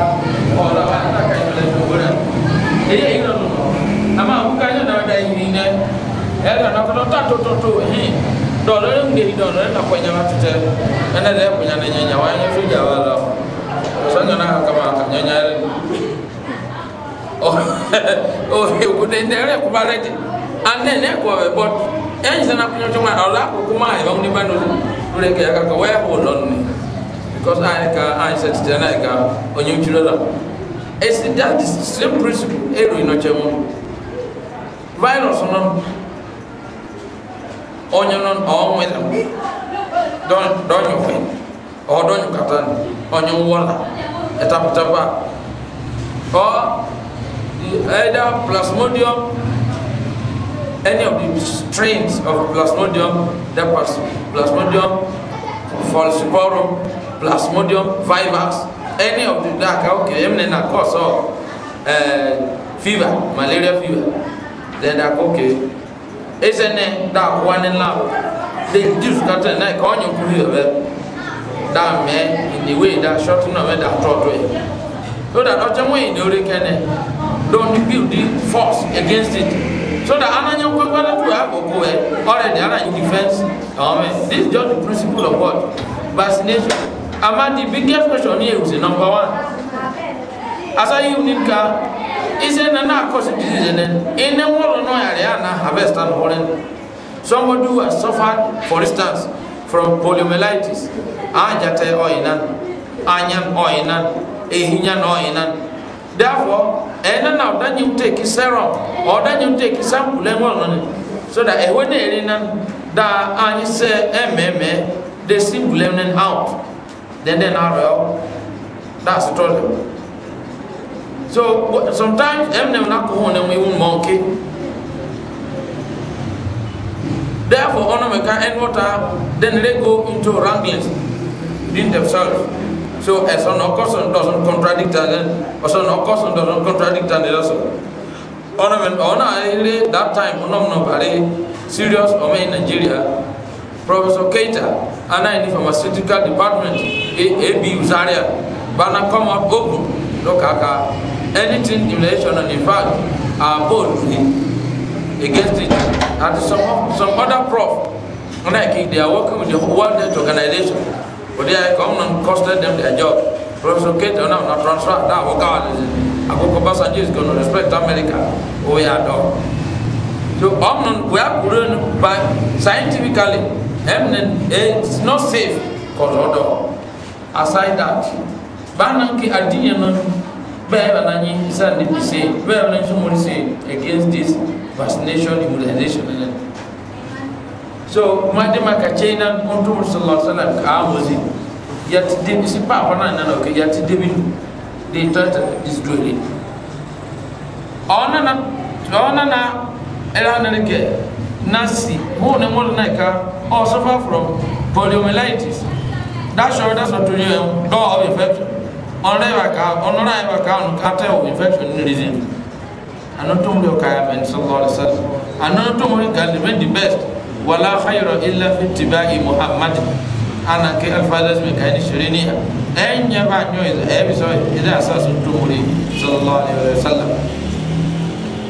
ɔla wa ala ka ɛmɛ lɛ gbogbo rɛ eya yi lɛ nɔnɔ ama abuka yɛ na da yi nɛ ɛlɛ nakɔtɔ ta tototo hin dɔlɔ lɛ ŋdeli dɔlɔ lɛ nakɔ nyama tutɛ ɛnɛ lɛ kunya ne nyanya wa nyɛ fi dza wa lɔ sɔnyɔ na kama ka nyanya lɛ ɔhe o de ne lɛ kuba lɛ di anɛ ne kɔ bɛ bɔ ɛnzɛn na kunyɔtɔ ma abure ke aka ka waya ho non ni because i ka i said to na ka onye uchiro da it's that is same principle ero ino chemo virus non onye non o nwela don don yo fe o don yo katan onye wala etapetapa either plasmodium any of the strains of Plasmodium depax, Plasmodium falciparum, Plasmodium vivax, any of the dark, okay, I'm na cause of uh, eh, fever, malaria fever. Then that, okay, isn't it that one in love? They just got a neck on your career. That man, eh, in the way that shot no man that trot way. So that other oh, way, the hurricane, don't build the force against it. so that ananya kwakwara tu agogo eh already ananya defense amen this is just the principle of what vaccination ama the biggest question here is number one asa yi ni ka ise na na cause disease ne ene woro no ya na harvest and foreign somebody who has suffered for instance from poliomyelitis ajate oinan anyan oinan ehinya oinan therefore ɛna na ɔda nyi take serum ɔda nyi take sample ɛwɔ ɔno so that ɛwɔ na ɛri nan da anyi sɛ ɛmɛɛmɛ de simple ɛwɔ out then then arɔ ɛwɔ that's the problem so sometimes ɛmnɛm na kɔ hɔn ɛmu ewu mɔnke therefore ɔno mɛka ɛnwɔta ah, then they go into wranglings within themselves. So as an occasion doesn't contradict another, as an occasion doesn't contradict another. So on when on a that time on a no very serious or in Nigeria, Professor Keita, and I in pharmaceutical department, AB Uzaria, Bana come out open, no kaka, anything in relation and in fact are both against it. And some some other prof, like they are working with the World Health Organization kòdì ẹ kọ́ ọ̀nà costed them their job professor kate ọ̀nà ọ̀nà transfer dá àwọn káwá lè ṣe àkókò passengers kò no respect america ó yà dọ̀ so ọ̀nà wíyà kúrò ní by scientifically ẹ̀mìnì um, it's not safe kọ̀ lọ́dọ̀ oh, aside that báńkì kí adìyẹ náà bẹ́ẹ̀ bá náà yín sẹ́ni ṣe bẹ́ẹ̀ bá náà yín sọ́mọ́rì ṣe against this vaccination immunization. so madema ka kyɛn na ɔntum sallallahu sallam ka amozi yɛte de si pa hɔ na nana oke yɛte de bi de tɔtɔ disdoli ɔnana ɔnana ɛla nana kɛ nasi mu ne mu na ka ɔ suffer from poliomyelitis dasɔ dasɔ to yɛ dɔɔ ɔbɛ infection ɔnra yɛ ba ka ɔnra yɛ ba ka ɔnu kata ɔ infection ni reason anotum de ɔka yɛ mɛ sallallahu sallam anotum de ka de bɛ the best. wala khayra illa fi tibai muhammad ana ke alfadas min kayni shirini en ya ba nyo is e eh, bi so ida sa sun tumuri sallallahu alaihi wasallam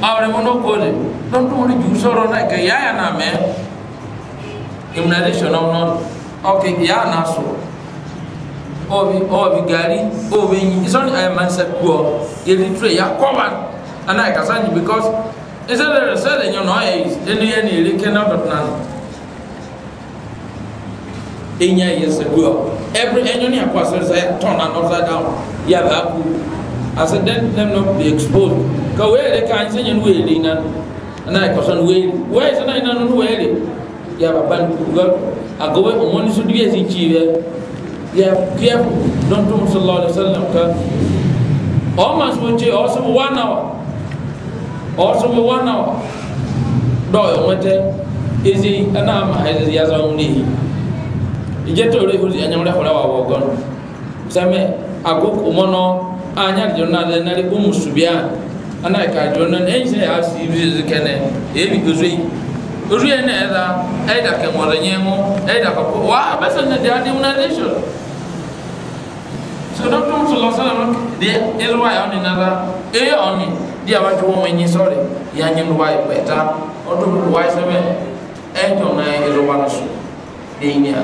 awre mono ko le don tumuri ju soro na ke ya ya na me imnadation no no okay ya na so obi obi gari obi yin so ay man ko ele tre ya ko ana ka sa because ɛsɛ dɛ ɛsɛ dɛ nyɛ nɔɔ ɛyi ɛnu yɛ ni eri kɛnɛ dɔ na no enya yɛ sɛ do a ɛbiri ɛnyɛ ni akɔ asɛ sɛ tɔn na nɔfɛ da o yɛ a baa ku asɛ dɛm dɛm no be exposed ka wo yɛrɛ ka nse nyɛ no wo yɛrɛ na ɛna ɛkɔsɔ no wo yɛrɛ wo yɛrɛ sɛ na yɛ na no no wo yɛrɛ yɛ a ba no kuruwa agobe ɔmɔ ni so dibi esi kyi yɛ yɛ kuyɛ dɔntɔn sɔlɔ ɔlɔ sɛlɛm ka ɔma so kye ɔsɛ one hour ɔsɔmi wana dɔɔ ŋmɛtɛ ezi ɛna ama ɛdi yaza ŋmɛ yi ìjẹtọ rẹ ìhòòhò ẹnyẹmúlẹ kọlá wà wọ gọnù sẹmẹ àgókò mọnà anyadìjọ náà lẹ nàlẹ ọmọ sùbíà ana ìkàdìjọ náà ẹyìn sẹ yà á sì ibi ẹsẹ kẹnẹ èyí ozu yìí ozu yẹn náà ẹdá ẹdá kẹmọrẹ yẹn mọ ẹdá kọkọ wà abẹsẹ náà dẹ adé múná ẹdẹsọ sọdọ tó ń sọlọ sọlọ dẹ ẹlọwà yà ọ nínú ara di a b'a tɔgɔ mɛ nyi sɔrɔ y'a ɲɛ nuba ah, ye bɛɛ ta o tɔ bɛ wa sɛbɛ ɛ jɔ n'a ye yɛrɛba la so de ye ɲɛ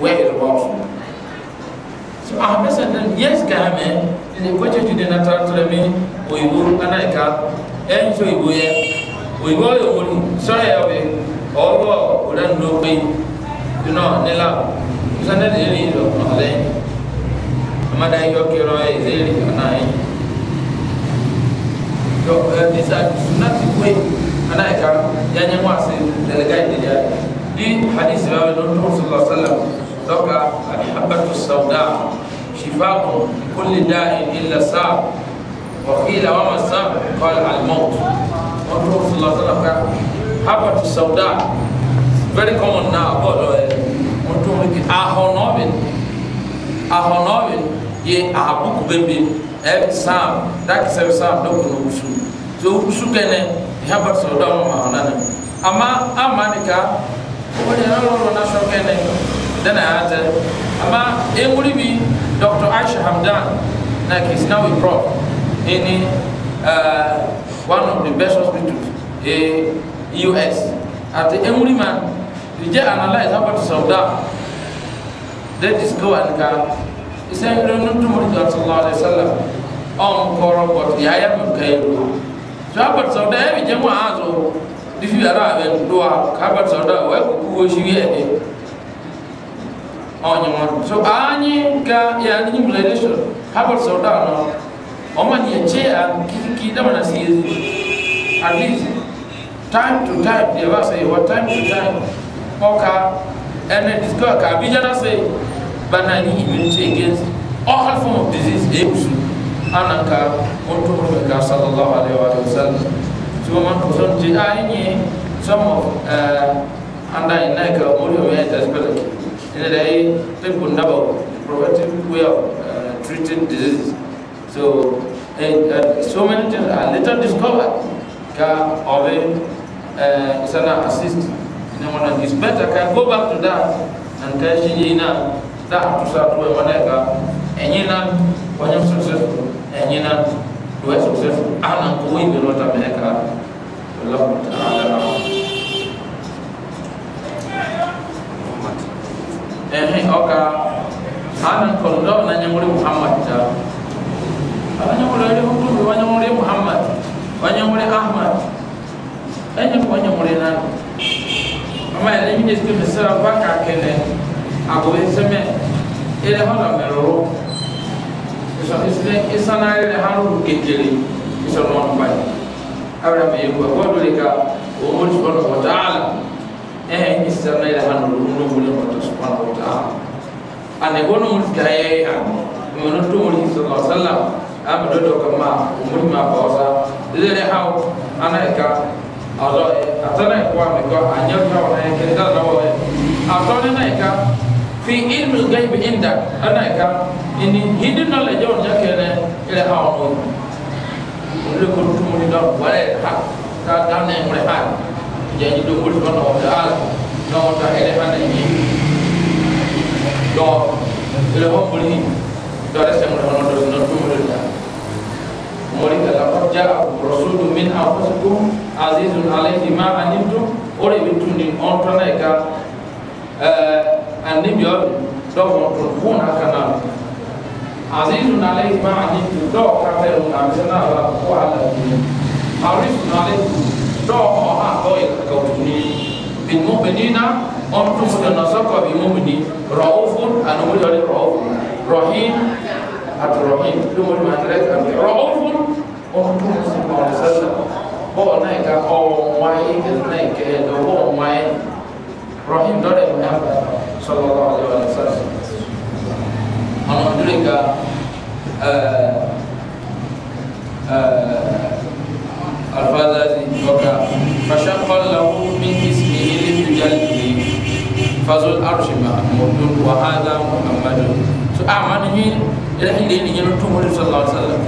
wa yɛrɛba la so so a bɛ sɛ tɛ yɛ sigi a mɛ ne ko cɛ tɛ na taa tɛrɛ mi o yi wo ana yi ka ɛ n so yi wo yɛ o yɛ wolo sɔrɔ yɛ bɛ ɔ wɔ o la n'o nɔ ne la sɛ ne de ye ne yɛrɛ kɔnɔ ale a ma da yɔ kɛrɛ ye dɔ ɛ bisa sunati koe ana yɛ ka yanyɛ mu ase lɛlɛga yi deli ayi ni hadisi bɛ dɔn tɔgɔ sɔrɔ sɛlɛm dɔka alihabatu sawuda shifaku kulli da'i illa sa wa qila wa ma sa qala al-maut wa tɔgɔ sɔrɔ sɛlɛm ka very common now bɔ dɔ yɛ mo tɔgɔ ki ahɔnɔbi ahɔnɔbi ye ahabuku bɛ bi eh, ɛ sam daki sɛ dɔkun o su so sukɛnɛ ihaba sɔrɔ dɔw ma ɔna ne ama ama ne ka o de yɛrɛ lɔrɔ na sɔ kɛnɛ dɛnɛ y'a tɛ ama ewuri bi dr aisha hamdan na kis now a prof in uh, one of the best hospital, in us ati ewuri ma we jɛ analyze ihaba sɔrɔ dɔw de discover ne ka isɛn yɛrɛ nu tumuri jɔ sɔrɔ alayhi salam ɔn kɔrɔ bɔtɔ yaya mi kɛ yɛrɛ sahabat sauda ya bijan wa azo difi ara ben doa sahabat sauda wa ku wo shi ye e onyo mo so anyi ga ya ni mu le so sahabat sauda no o ma ni che a kiki da mana si at least time to time they were say what time to time oka and it is go ka bijana say banani immunity against all form of disease e usu ana ka on to mo ka sallallahu alaihi wa sallam so man ko son anda ina ka mo yo me ta spela ina dai preventive way of eh, treating disease so eh, eh, so many things are later discovered ka of uh, sana assist you know one is better can go back to that and ka shi ina da to sa to wa na ka enyina wanyam successful ɛnyina do ɛsɛ sɛ ana nkɔwɔ yi bi nɔta mɛ ɛka wallahu ta'ala awo ɛhɛn ɔka ana nkɔlɔ dɔw na nyɛmɔri muhammad ta ala nyɛmɔri ɛdi hukum bi wanyɛmɔri muhammad wanyɛmɔri ahmad ɛnyɛ fɔ wanyɛmɔri nanu ama ɛdi mi de sikiri mi sira ba kaa kɛnɛ agobe sɛmɛ ɛdi hɔ na mɛlɔrɔ isana yɛrɛ hanu kekele isɔn ma ba ye awura mi ye kuwa wɔn de ka o mo ti kɔnɔ kɔta ala ɛɛ isana yɛrɛ hanu olu n'o wuli kɔta sɔgɔn kɔta ala ani ko n'o ti da ye a mɔnɔ to mo ti sɔgɔn sala a bɛ dɔ dɔ kama o mo ti ma ba o sa lere haw ana yi ka ɔlɔ ye a na yi kɔ a kɔ a ɲɛ bi ka kɛ da lɔbɔ ye a tɔ ne na yi ka fi ilmu gɛyibi inda ana yi ka ini hidden knowledge on jakene ile hawa mo ile ko tumu ni do wale ha ta dane mo le ha jadi do mo do no da al no ta ile ha ne ni do ile ho mo ni do re se mo no do no tumu ni da mo ni ka laqad ja'akum rasulun min anfusikum azizun alayhi ma anittum ore bituni on tana ka eh annabi yo do mo tun kuna kana azizun alayhi ma anitu dɔw ka fɛ o a misɛn n'a la ko a la bi harisun alayhi dɔw ɔ a dɔw yɛrɛ ka o ni bimuminina ɔn tun bɛ nɔsɔ kɔ bimumini rɔhufun ani wuli yɛrɛ rɔhufun rɔhim ati rɔhim dumuni ma tɛrɛ kan bi rɔhufun ɔn tun bɛ sɔn kɔn sɛlɛ bɔn n'a هنودرك آه، آه، ألفاظ ذكر فشق له من اسمه لتجلده فذو الأرش محمود وهذا محمد أعمل هي إلهي لين ينتم صلى الله عليه وسلم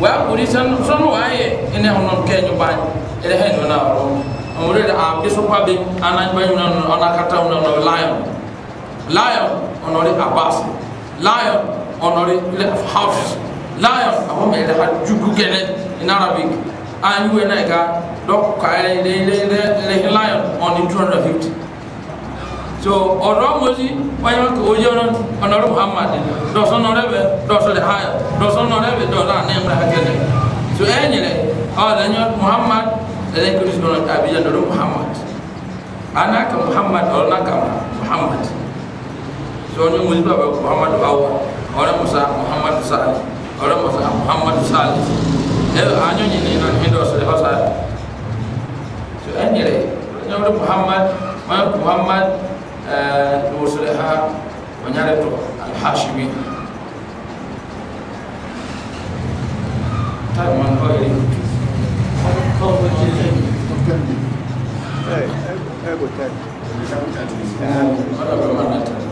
وأقول سن سن وعي إن هم كان يبان إلهي نونا أمريد أم يسوع بي أنا يبان أنا كتاونا لايم لايم أنا لي أباسي lion honoré house lion awo mɛ ɛdɛ ha jugu gɛnɛ in arabic an yi wɛ n'ayi ka dɔk ka ɛdɛ ɛdɛ ɛdɛ ɛdɛ lion on in two hundred and fifty so ɔdɔ mosi wanyɔ ko o yɛrɛ honoré muhammad dɔsɔn nɔrɛ bɛ dɔsɔn de haya dɔsɔn nɔrɛ bɛ dɔsɔn anɛ mɛ hakɛ dɛ so ɛyɛ nyɛlɛ ɔ ɛdɛ nyɔ muhammad ɛdɛ kiri sɔrɔ abijan dɔrɔn muhammad anaka muhammad ɔlɔnaka muhammad so ni mo ba muhammadu awo ore musa muhammadu sali ore musa muhammadu sali e anyo ni ni nan hindo so ho sa so enire ni ore muhammad ma muhammad eh wo so ha wanyare to al hashimi ta man ko ile ko ko ji Hey, I, I, I will tell you.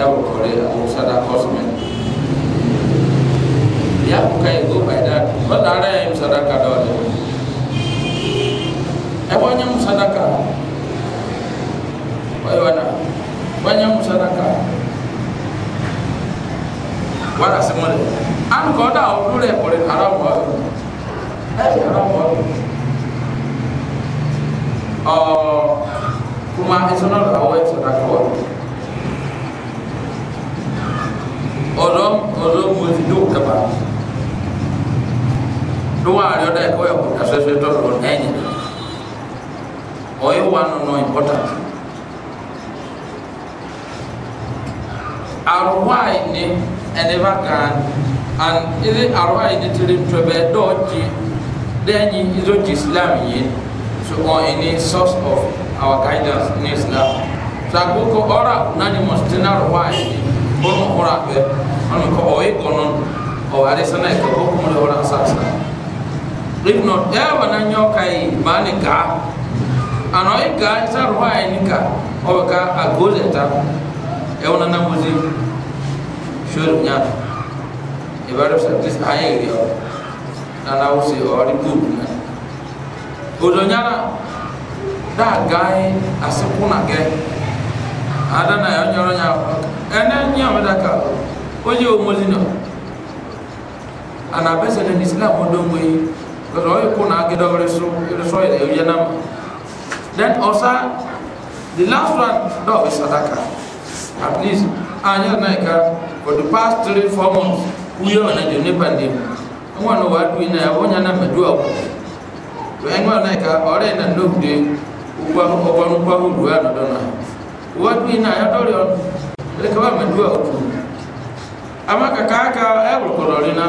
ya kokore abu sada kosmen ya kukai go by that but ara ya sadaka dole e eh, wanya sadaka wai wana wanya sadaka wala simole an ko da o dure ko haram wa ai eh, haram wa oh kuma isonal awai sadaka wa ọ̀dọ́ ọ̀dọ́ mo ti dó kaba lówó àárẹ̀ ọ̀dà ẹ̀kọ́ ẹ̀kọ́ asọ́sọ́ tọ́lọ̀ ẹ̀yìn ọ̀yẹ́ wa nùnú important àrùwá ẹni ẹni bá kàn án ẹni àrùwá ẹni ti rí ntọ́bẹ̀ dọ́ọ̀jì dẹ́yìn ìzọ́jì islam yìí so on ẹni source of our guidance ní islam so àkókò ọ̀rọ̀ náà ni mọ̀sítínà àrùwá ẹni mun orang be an ko o e konon o are sana itu ko ko mun hora asasa ribno e wana nyo kai mane ka ano e ga sa ruwa e nika o ka agoze ta e wana na muzi shuru nya e ba sa tis aye yo na na usi o ri bu na odo nyara da gai asipuna ge adana ya nyoro nya ɛnɛ nyama daka o ye o mɔli na ana bɛ sɛnɛ ni islam o don koyi parce que o ye ko na ake dɔwɛrɛ so yɛrɛ sɔ yɛrɛ o yɛnɛ ma then ɔsa the last one dɔw bɛ sadaka at least an yɛrɛ n'a ye for the past three four months u yɛ wɛrɛ jɔ ne ban den n kɔni wa du in na yan o ɲana mɛ du awɔ to ɛn kɔni n'a ye ka ɔrɛ in na n'o de o ba o ba o ba o du yan nɔ dɔn na wa du in na yan dɔ de yɔrɔ lẹ́kọ̀ọ́ àmàdúrà òkú àmà kàkà aka ẹ̀rọ̀kọ̀rọ̀ rí náà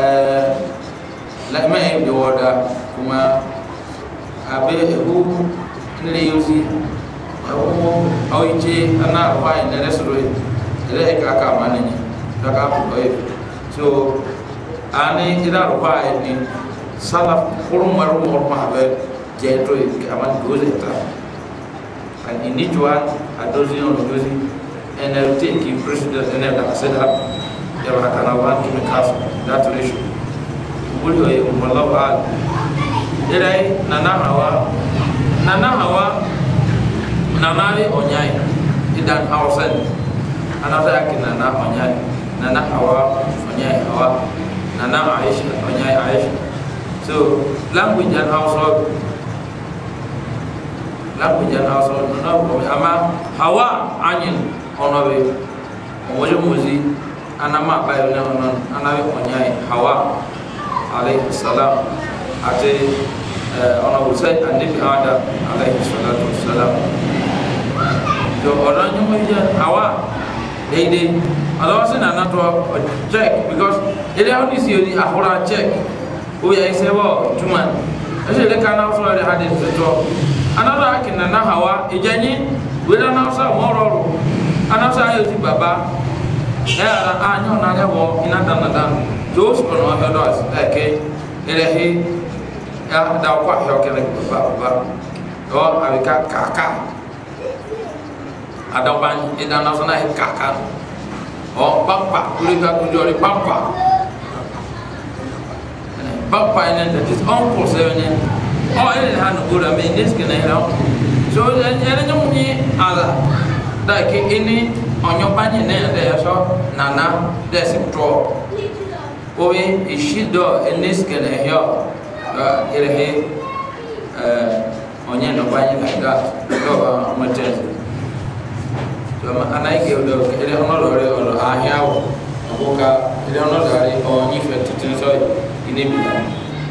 ẹ̀ẹ́ lẹ́mẹ̀ẹ́ ìdíwọ́dà kùmà abẹ́ ẹ̀hú nílé yóòsì ẹ̀hú ọ̀yìnjẹ́ ẹ̀nà àfáàyìn lẹ́rẹ́ sọ̀rọ̀ yìí lẹ́rẹ́ ẹ̀ka aka àmà nìyí kàkà àkùkọ̀ yìí tó àní ìdáròkọ̀ àyẹ̀ ni sálà kúrúmọ̀rúmọ̀ àbẹ̀ jẹ́ tó yìí àmà nìyí And in each one, a dozen or a dozen, and I will take in precedence and I set up, there are kind of one to the castle, that ratio. Bulio ye umalaw al. Ilai nanahawa, nanahawa, nanari onyai, idan hausen. Another akin nana onyai, nana hawa, onyai hawa, nana aisha, onyai aisha. So language and household lakujan aso nuna kɔmi ama hawa anyin ɔnɔbe ɔwɔle muzi anama abayi ne ɔnɔ anabe ɔnyaye hawa alayhi salam ati ɔnɔbu sɛ anabi ada alayhi salatu salam to ɔdɔ nyɔnko yi jɛ hawa deede ɔlɔwɔsi nana tɔ check because yɛlɛ awo ni si yɛ ni check o yɛ ɛsɛ wɔ juma ɛsɛ yɛlɛ kan na ɔsɔrɔ yɛlɛ hadi tɔ anado akina na hawa ejanyi wela na usa mororo anasa ayo ti baba e ara anyo na ya wo ina dan na dan jos ko no ha do as eke ele he ya da kwa he oke na baba baba do oh, abika kaka adaban ida na so na he kaka o oh, papa kuri ka kujori papa eh, papa ina that is uncle seven eh ọ ẹni ha nù kúrò àmì ẹni sìkì náà ẹ̀rọ so ẹni nyẹ mu nyi àlà dàkí ẹni ọ̀nyọ́ báyìí náà dẹ̀ yẹ sọ nànà dẹ̀ sì tọ́ omi ìṣí dọ̀ ẹni sìkì náà ẹ̀yọ ẹ̀rẹ̀hẹ ọ̀nyẹ́ nù báyìí náà dà lọ́wọ́ ọmọ tẹ̀sí lọ́mọ anáyíkẹ́ ọ̀dọ̀ ẹ̀rẹ̀ ọ̀nà lọ́rẹ́ ọ̀rọ̀ àhíáwọ̀ ọ̀kọ́ka ẹ̀rẹ̀ ọ̀nà lọ́rẹ́ ọ̀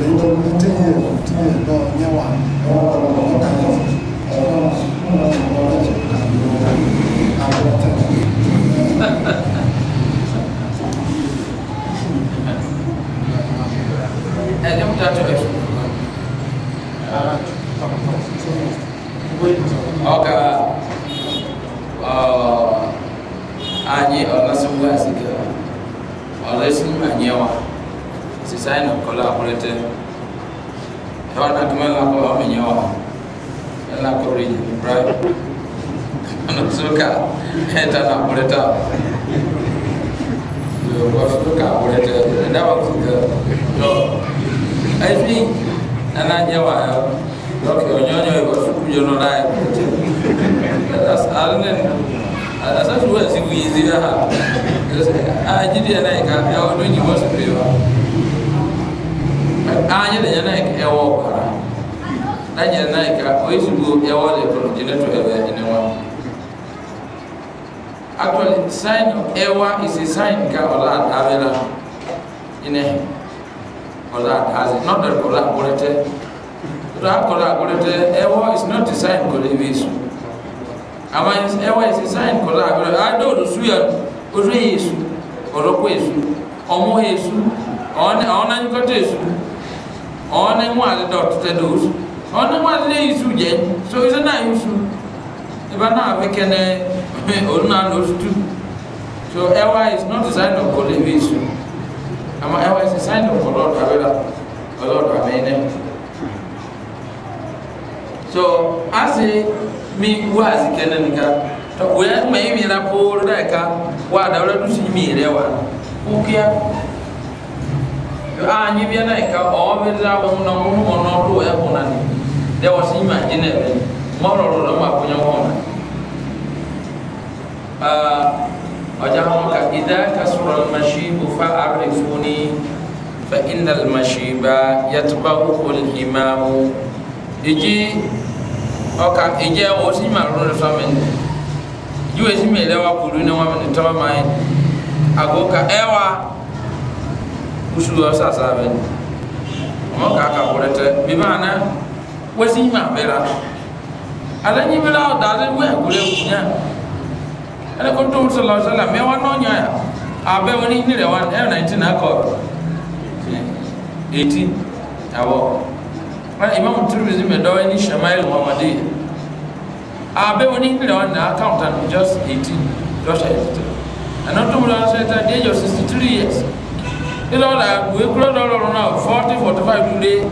èyí tó ní ten years fifteen years náà ní ẹwà ẹwà ọ̀rọ̀ ọ̀gá yẹn ṣùgbọ́n ọ̀rọ̀ ọ̀rọ̀ ọ̀rọ̀ ṣe kàbí ọ̀rọ̀ àwọn tẹ̀. ẹni mú dájú ẹ ala nyi bela o da zin weh gure nya. ala ko to sallallahu alaihi wasallam wa no nya ya abe woni ni re wa e eh, na tin na ko 18 awo ala imam tirmidhi me do ni shamail muhammadi abe woni ni re wa na account and just 18 just 18 ana to mu la sa ta de yo 63 years ilo la we kuro do lo na 40 45 today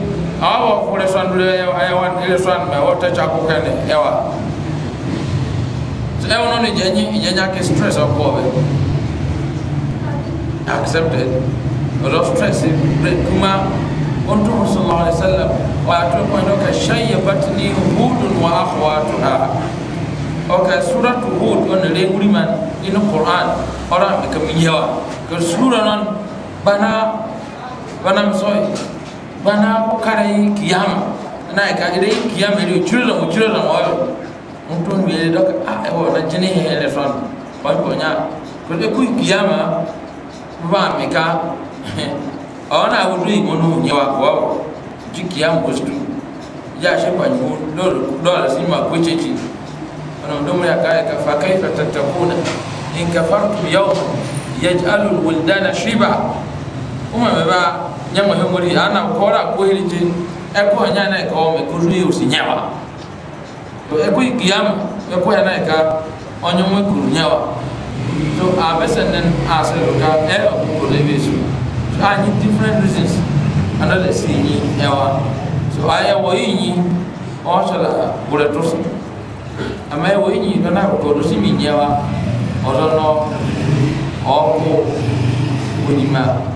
awa kule swandule ayawan ile swanme wote cha kukene yawa ewa noni jenyi jenya ke stress of kobe accepted but of stress kuma untu sallallahu alaihi wasallam wa atu kwa ndoka shayyabatni hudun wa akhwatuha oka surat hud on lenguriman in quran ora mekaminyawa ke sura non bana bana msoi bana karai kiyama na e ka ire kiyama ire chulula chulula wayo mtu ni dok ah ewo na jini hele son kwa konya kwa ku kiyama ba mika ona nu igonu nyewa kwa ji kiyama kostu ya she kwa nyu lolo dola sima kwechechi ana ndomo ya kaya ka fa kaifa tatakuna in kafartum yawman yaj'alul al-wuldana shiba kuma ba nyama hemori ana kora kuhirije eko nyana ka o mekuri usi nyawa to eko ikiyam eko hanya ka onyo mekuri nyawa to abesen nen asero ka e okuko lebesu so anyi different reasons anda another sinyi ewa so aya wo yinyi osala buretosi ama wo yinyi dona ko do simi nyawa ozono ọkụ onye ma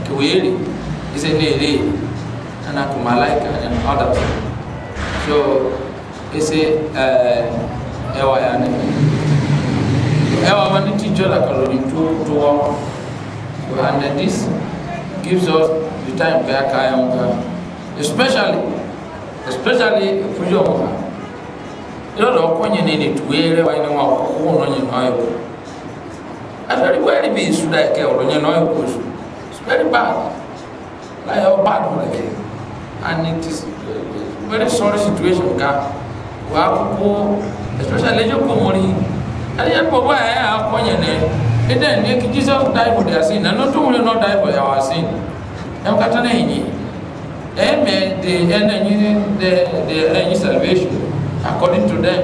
wéèrè iṣẹ́ ní èrè ẹ̀nà kò máa láìka ẹ̀nà ọ̀dàt so iṣẹ́ eh, ẹwà yà ni ẹwà wọn ni tíjọ́ la kọ̀ lórí tó tó wọ́ and uh, this gives us the time kaya kaya wọn kaya especially especially fújọ́ wọn kaya lọ́dọ̀ ọkọ̀ yẹn ni ètùwéèrè wáyé ni wọn àkókò wọn yẹn náà yẹ kó afẹ́rẹ́ wẹ́rẹ́ bí ìṣúra ẹ̀kẹ́ ọ̀rọ̀ yẹn náà yẹ kó sùn very bad. Like how bad one is. And it is very sorry situation ka. Wa ko especially lejo ko mori. Ali ya ko ba ya ko nyene. And then if Jesus died for their sin, and not only not die for our sin. Em kata na yin. Em the and the the any salvation according to them.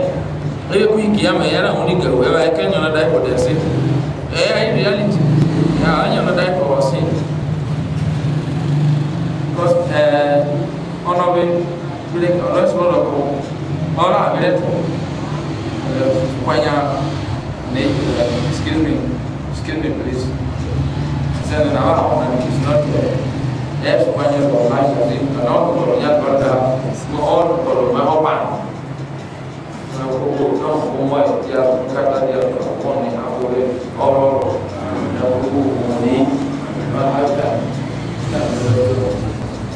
will Eye ku ikiyama yara oni gawe wa ekenya not die for their sin. Eh in reality, I anya na die for our sin. was uh, one of the building of the world of all our great excuse me, excuse me please. Saya nak awak orang ini not there. Yes, Kuanya bawa saya ke sini. Kalau tu kalau ya, jangan lah berada, mau all kalau mau apa? Kalau kau kau kau mau dia kata dia kau kau ni aku ni all all. Kalau kau ni, mana ada?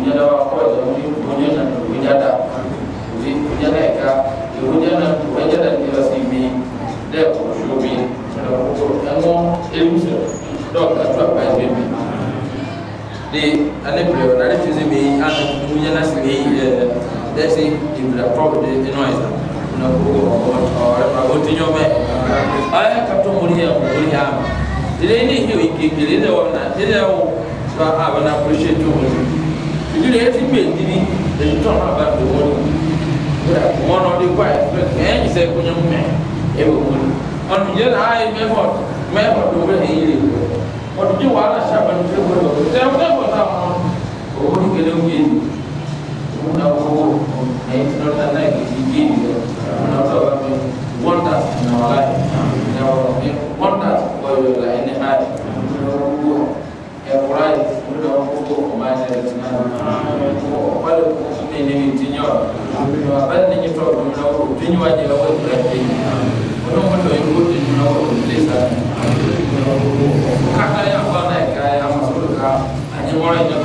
hujjada wa ko da wani hujjana da hujjada wani hujjana ka da hujjana da hujjada da ya sai mi da ko shobi da ko ango elusa do ka ta ba ji mi de ane pre na le fizi mi ane hujjana si mi da si ibra prob de noise na ko ko ora ko tinyo me ay ka to muri ya muri ya ile ni hiyo ikikilele wana ile au sa abana appreciate tu ìdílé etí mi èdìrí èyí tó ọ̀nà àbá tó wọ́n kódà kò wọ́n náà dé kó àìsílẹ̀ ẹ̀yìn sẹ́ kó nyẹ́ mẹ́ ẹ wò wọ́n ọ̀nà ìyẹn náà ayé mẹ́fọ̀ mẹ́fọ̀ tó wọ́n èyí lè wọ́n ọ̀nà ìyẹn wàhálà sábà ní fẹ́ wọ́n lọ́wọ́ sẹ́ wọ́n mẹ́fọ̀ tá wọn owó ní kẹlẹ́ wọ́n yẹn wọ́n náà wọ́wọ́ ẹ̀yìn tí wọ́n náà kì í yé ìlẹ̀ wọ́n náà wọ́n wọ́n wọ́n alqur'ani mun da ko ko ma ne da tunan ko bal ko ne ne min tinyo wa bal ne to mun da ko tinyo wa ne wa ko da ke mun ko to yugo tin na ko le sa ka ka ya ba na ka ya ma so ka ani mo ne to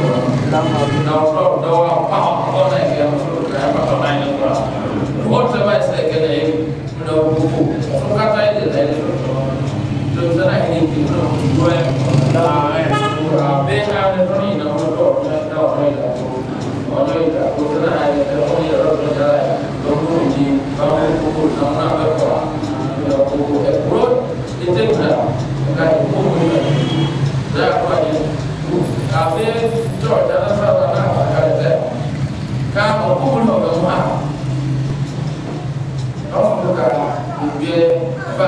da to da wa pa ko na ka ya ma so ka ya ma to na ne to ko ta ba sai ka ne mun da ko ko ka ta ne da ne to to sana ne ki mun ko ya bí sáré fún ìnáwó tó ọ̀pọ̀lọpọ̀ ọ̀rọ̀ ìdàgbò ọjọ́ ìdàgbò tó náà ayẹ tó fún yọrọ tó dára tó kúrò ní báwọn kókó náà náà bẹ kọ́ ìyọ̀ kókó ẹ̀kúrò ètè ìgbà ìgbà ìkókó náà dáàbò ayé àfi tó ọ̀dà lọ́sà wà náà wà kárẹ̀ tẹ̀ ká ọ̀kókó náà bẹ̀ wá ọ̀kókó ká ìgbé bá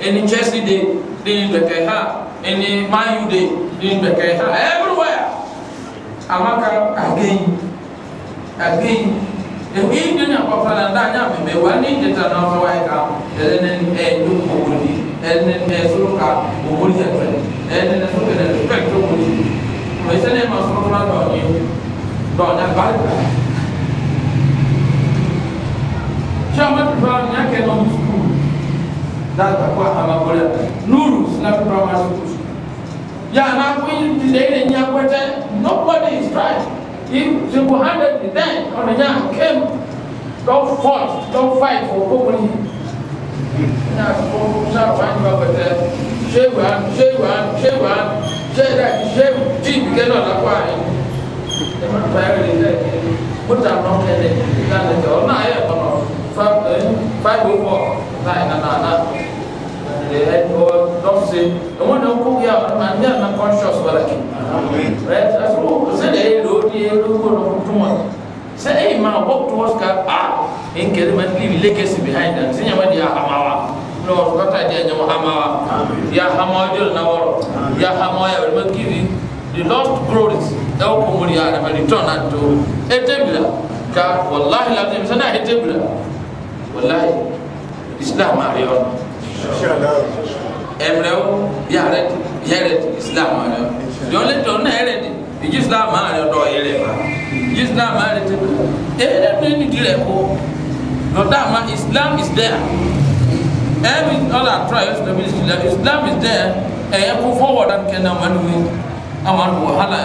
any Chelsea day, they in Bekeha, any Man U day, they in Bekeha, everywhere. Amaka again, again. Ebi ndi na papa na nda anya meme wa ni ndeta na ọsọ wa ka ele ne e ndu mobuli ele ne e suru ka mobuli ya twen ele ne suru ne respect mobuli. Mo ise ne ma suru na do ni do na ba zaka kwa amakolea nuru sinatoka masukusu ya na kuyi tileile nyakwete nobody is right if single handed then on a young came don't fought don't fight for people na kó sáfà ní ọgbẹtẹ ṣé wà ṣé wà ṣé wà ṣé dàbí ṣé tí ìbíkẹ́ náà lápá rẹ̀ ẹ má fà ẹ́ lè dẹ́ kó tà náà kẹ́lẹ́ ìlànà ìjọ náà yẹ ọ̀nà five five oh four na na na ɛɛ dɔm se ɛwɔ na ɔkɔ yɛ a ma ne na conscious wala ki right ɛsɛ o sɛ de ɛyɛ o de ɛyɛ o ko na o tuma sɛ ɛyɛ ma work towards ka ah n kɛlɛ ma leave legacy behind them sɛ nyama de yɛ hamawa na wɔn kɔta de yɛ nyama hamawa yɛ hamawa de na wɔrɔ yɛ hamawa yɛ wɔrɔ ma kiri the lost glories ɛwɔ kɔmori yɛ a dama return na to ɛtɛ bila ka walahi la ɛtɛ bila walahi islam are on emre o yare yare islam are on the only don na yare di iji islam are on do yare ba iji islam are ti ere do ni dire ko no that man islam is there every other tribe is there islam islam is there eh go forward and can na man we aman wahala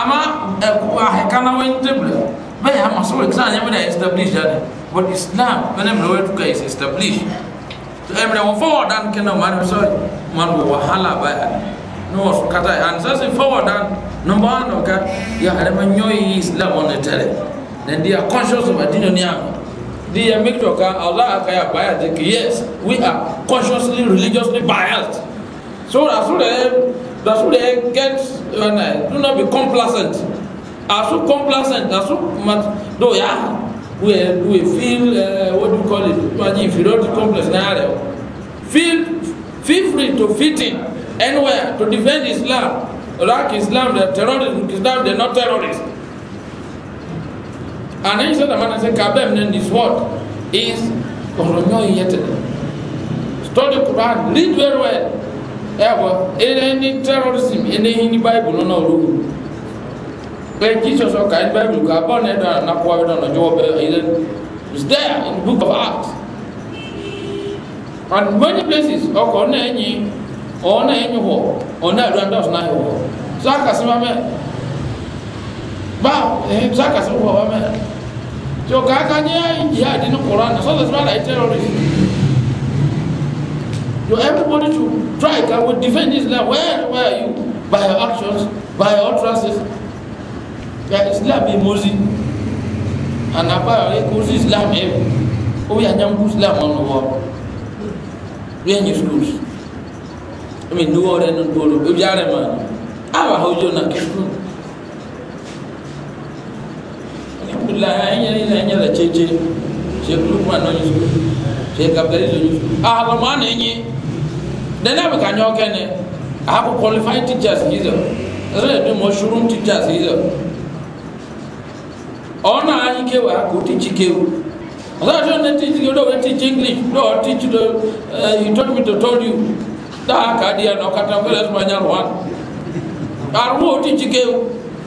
ama eh ko ahekana we table be ha masul exam yamada establish that But Islam, when I'm nowhere is established. So I'm forward and can man sorry, man will wahala by no kata and so forward and number one okay, yeah, I remember Islam on the tele. Then they are conscious of Adinoniam. They are make to Allah Akaya Bayat. Yes, we are consciously, religiously biased. So that's what they, that's what they get when I do not be complacent. Are so complacent, are so much, though, yeah we we feel uh, what do you call it maji inferiority complex na yale feel feel free to fit in anywhere to defend islam like islam they are terrorists islam they are not terrorists and then he said the man said kabem then his word is koronyo yetede study quran read very well ever any terrorism any bible no no rule pe jesus o kai bible ka bon e da na kwa da na jobe is there in the book of acts and many places o ko na enyi o na enyi ho o na do ndos na ho e, so aka sima me ba eh so aka sima ho me jo ka ka nya jihad in quran so that's why i terrorist you everybody to try to defend islam where where are you by your actions by your utterances ya islam ye mozi a naba ye kursi islam ye o ya nyam kursi islam ɔnu wɔ o ya nye schools ɛmɛ nuwɔ rɛ nu tuoro ebi arɛ ma awa ha o jo na kɛsu alhamdulilayi an yɛrɛ yɛrɛ an yɛrɛ tsetse sekulu kuma n'o nye school sekabɛri n'o nye school a kɔni a n'enye dɛnɛ bɛ ka nyɔ kɛnɛ a ko qualified teachers k'i zɔ ɛsɛ yɛ bi mɔ showroom teachers k'i zɔ ọ̀nà ayíkewà kò ti jí kéwù ọ̀sáàtì ọ̀nà ti jí kéwù lọ́wọ́ ti jí english lọ́wọ́ ti jí You told me to tell you dáa kàdí ẹ̀ nà ọ̀kàtà fẹ́lẹ́ sọ̀rọ̀ ẹ̀yà rọ̀ wán àrùn ò ti jí kéwù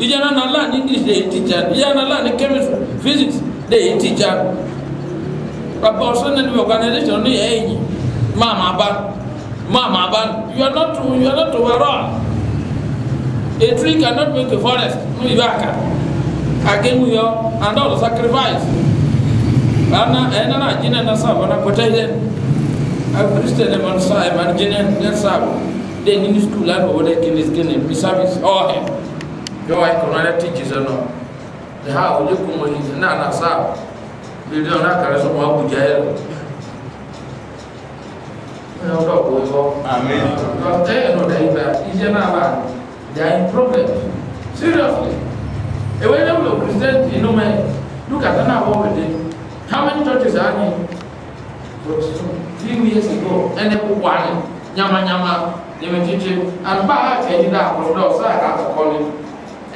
ìjànà náà láàní english lè ti jà ìjànà láàní chemistry physics lè ti jà bàbá ọ̀sán náà ní organisation ní ẹ̀yìn máa máa bá máa máa bá you are not you are not overall a tree cannot make a forest ní ìlú àkàrà agengu yo anda ro sacrifice ana ena na jina na sabo na kotaide a kristen man sa e man jina na sabo de ni school an bo de kinis kene mi service oh he yo ai ko na teaches no de ha o de ko mo ni na na sa bi de na kare so mo abuja e no do ko ko amen no te no de ba ije na ba there is problem seriously ewe ne wulɔ president inú mɛ lukà tán náà wọ́n wẹ̀dẹ̀ how many churches are there but few years ago ɛnɛ kó wà ní nyamanyama nyametsitsi and bá a tẹ̀ yín dá àkọsílẹ̀ ọ̀sán àkàtúkọ́ ni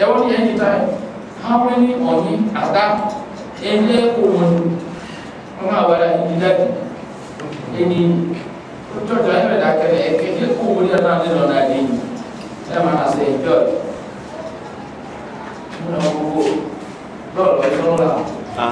ɛwọ́n ní ẹni time, how many ọ̀yìn àdá ɛnɛ kó wọn wọn máa wà láyé dídá ɛni church ayé mẹ́ta kẹlẹ́ ẹ̀kẹ́ ẹ̀kọ́ wọlé náà nínú ọ̀nà àdéhùn ẹ̀ máa sẹ̀ ẹ̀jọ́ rẹ̀.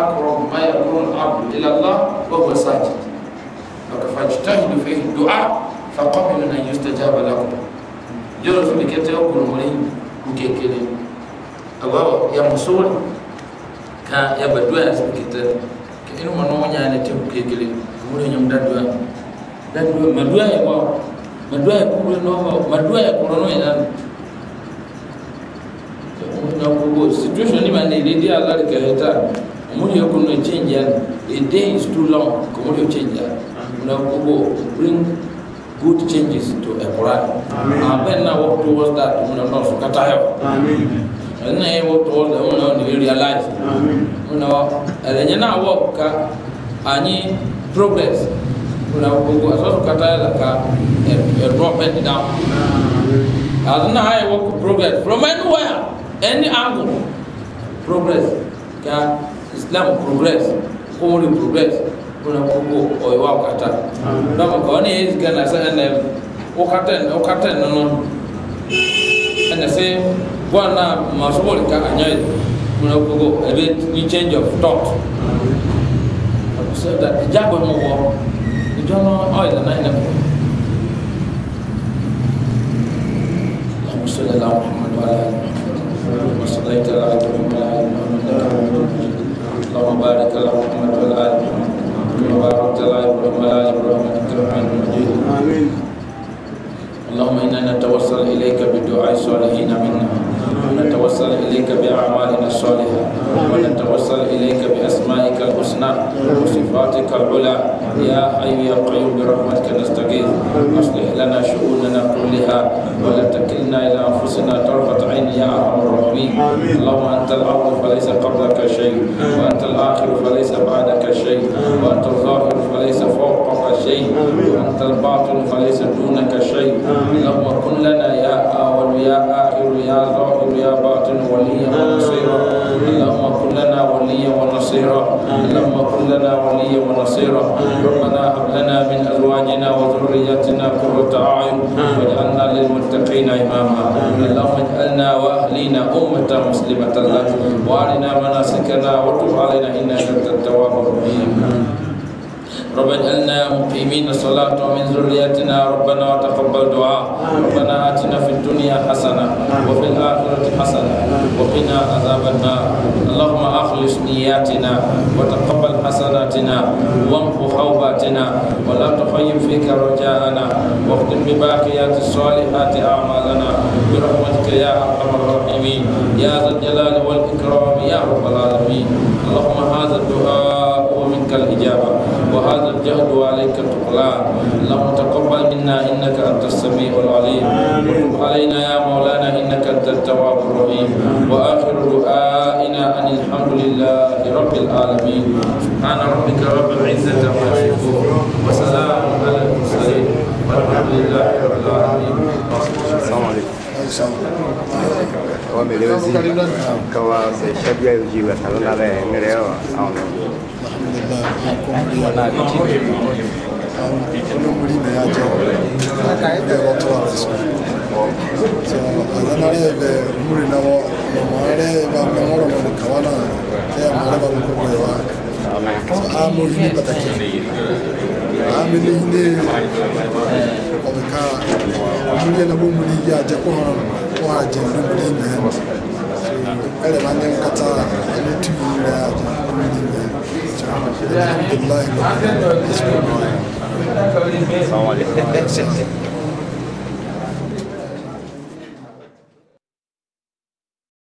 أقرب ما يكون العبد إلى الله وهو ساجد فاجتهدوا فيه الدعاء فقبل أن يستجاب لكم جرى في بكتة أقول مريم مكيكلي الله يمسون كا يبدوا أسبكتة كإنه من نوعنا أنا تيم مكيكلي مريم يوم دادوا دادوا مدوا يبوا مدوا يكون نوعه مدوا يكون نوعه situation ni ma ne ile di ala de kɛlɛ ta muri yoko no change a day is too long ko muri change na ko bring good changes to a Quran amen ah, na work towards that muna no sukata hayo amen na ye work towards that muna ni realize amen muna alenye na work ka anyi progress muna ko aso sukata la ka a e, e drop it down adana hayo work progress from anywhere any angle progress ka Islam progress umri progress kuna kuko oiwa ukata ndama kwa ni hizi gana sa ene ukaten ukaten nono ene se bwana masubuli ka anyai kuna kuko ebe ni change of thought so that jambo mwo ijono oila na ina kwa صلى الله على محمد وعلى اله وصحبه وسلم وصليت على محمد وعلى اله وصحبه وسلم اللهم بارك على محمد وعلى ال محمد كما باركت على ابراهيم وعلى ال ابراهيم انك مجيد امين اللهم انا نتوسل اليك بدعاء الصالحين منا ونتوسل إليك بأعمالنا الصالحة ونتوسل إليك بأسمائك الحسنى وصفاتك العلى يا حي يا قيوم برحمتك نستغيث أصلح لنا شؤوننا كلها ولا تكلنا إلى أنفسنا طرفة عين يا أرحم الراحمين اللهم أنت الأول فليس قبلك شيء وأنت الآخر فليس بعدك شيء وأنت الظاهر فليس فوقك شيء وأنت الباطن فليس دونك شيء اللهم كن لنا يا أول يا آخر يا ظاهر يا يا باطن وليا ونصيرا اللهم كن لنا وليا ونصيرا اللهم كن لنا وليا ونصيرا ربنا هب لنا من ازواجنا وذرياتنا قرة اعين واجعلنا للمتقين اماما اللهم اجعلنا واهلينا امة مسلمة لك وارنا مناسكنا وتب علينا انك انت التواب الرحيم رب اجعلنا مقيمين الصلاة ومن ذريتنا ربنا وتقبل دعاء ربنا آتنا في الدنيا حسنة وفي الآخرة حسنة وقنا عذاب النار اللهم أخلص نياتنا وتقبل حسناتنا وامحو خوباتنا ولا تخيب فيك رجاءنا واختم بباقيات الصالحات أعمالنا برحمتك يا أرحم الراحمين يا ذا الجلال والإكرام يا رب العالمين اللهم هذا الدعاء ومنك الإجابة وهذا الجهد عليك التقلان اللهم تقبل منا إنك أنت السميع العليم وتب علينا يا مولانا إنك أنت التواب الرحيم وآخر دعائنا أن الحمد لله رب العالمين سبحان ربك رب العزة عما يصفون وسلام على المرسلين والحمد لله رب العالمين السلام عليكم Wameliozika kwa sababu ya ujiwa salona le mireo au a me de da nǹkan bí olómìnirí ni a jẹ ẹ̀rọ tó wà ní sùn so aganarebe mulinabo nomareba namoromone kabana teyamareba gukukweba amulini pataki amilihinde obika mulina bomuliya aja kuhona kuhaja mulimulinde ereba nyenkata anetuyira aja mulimulinde السلام عليكم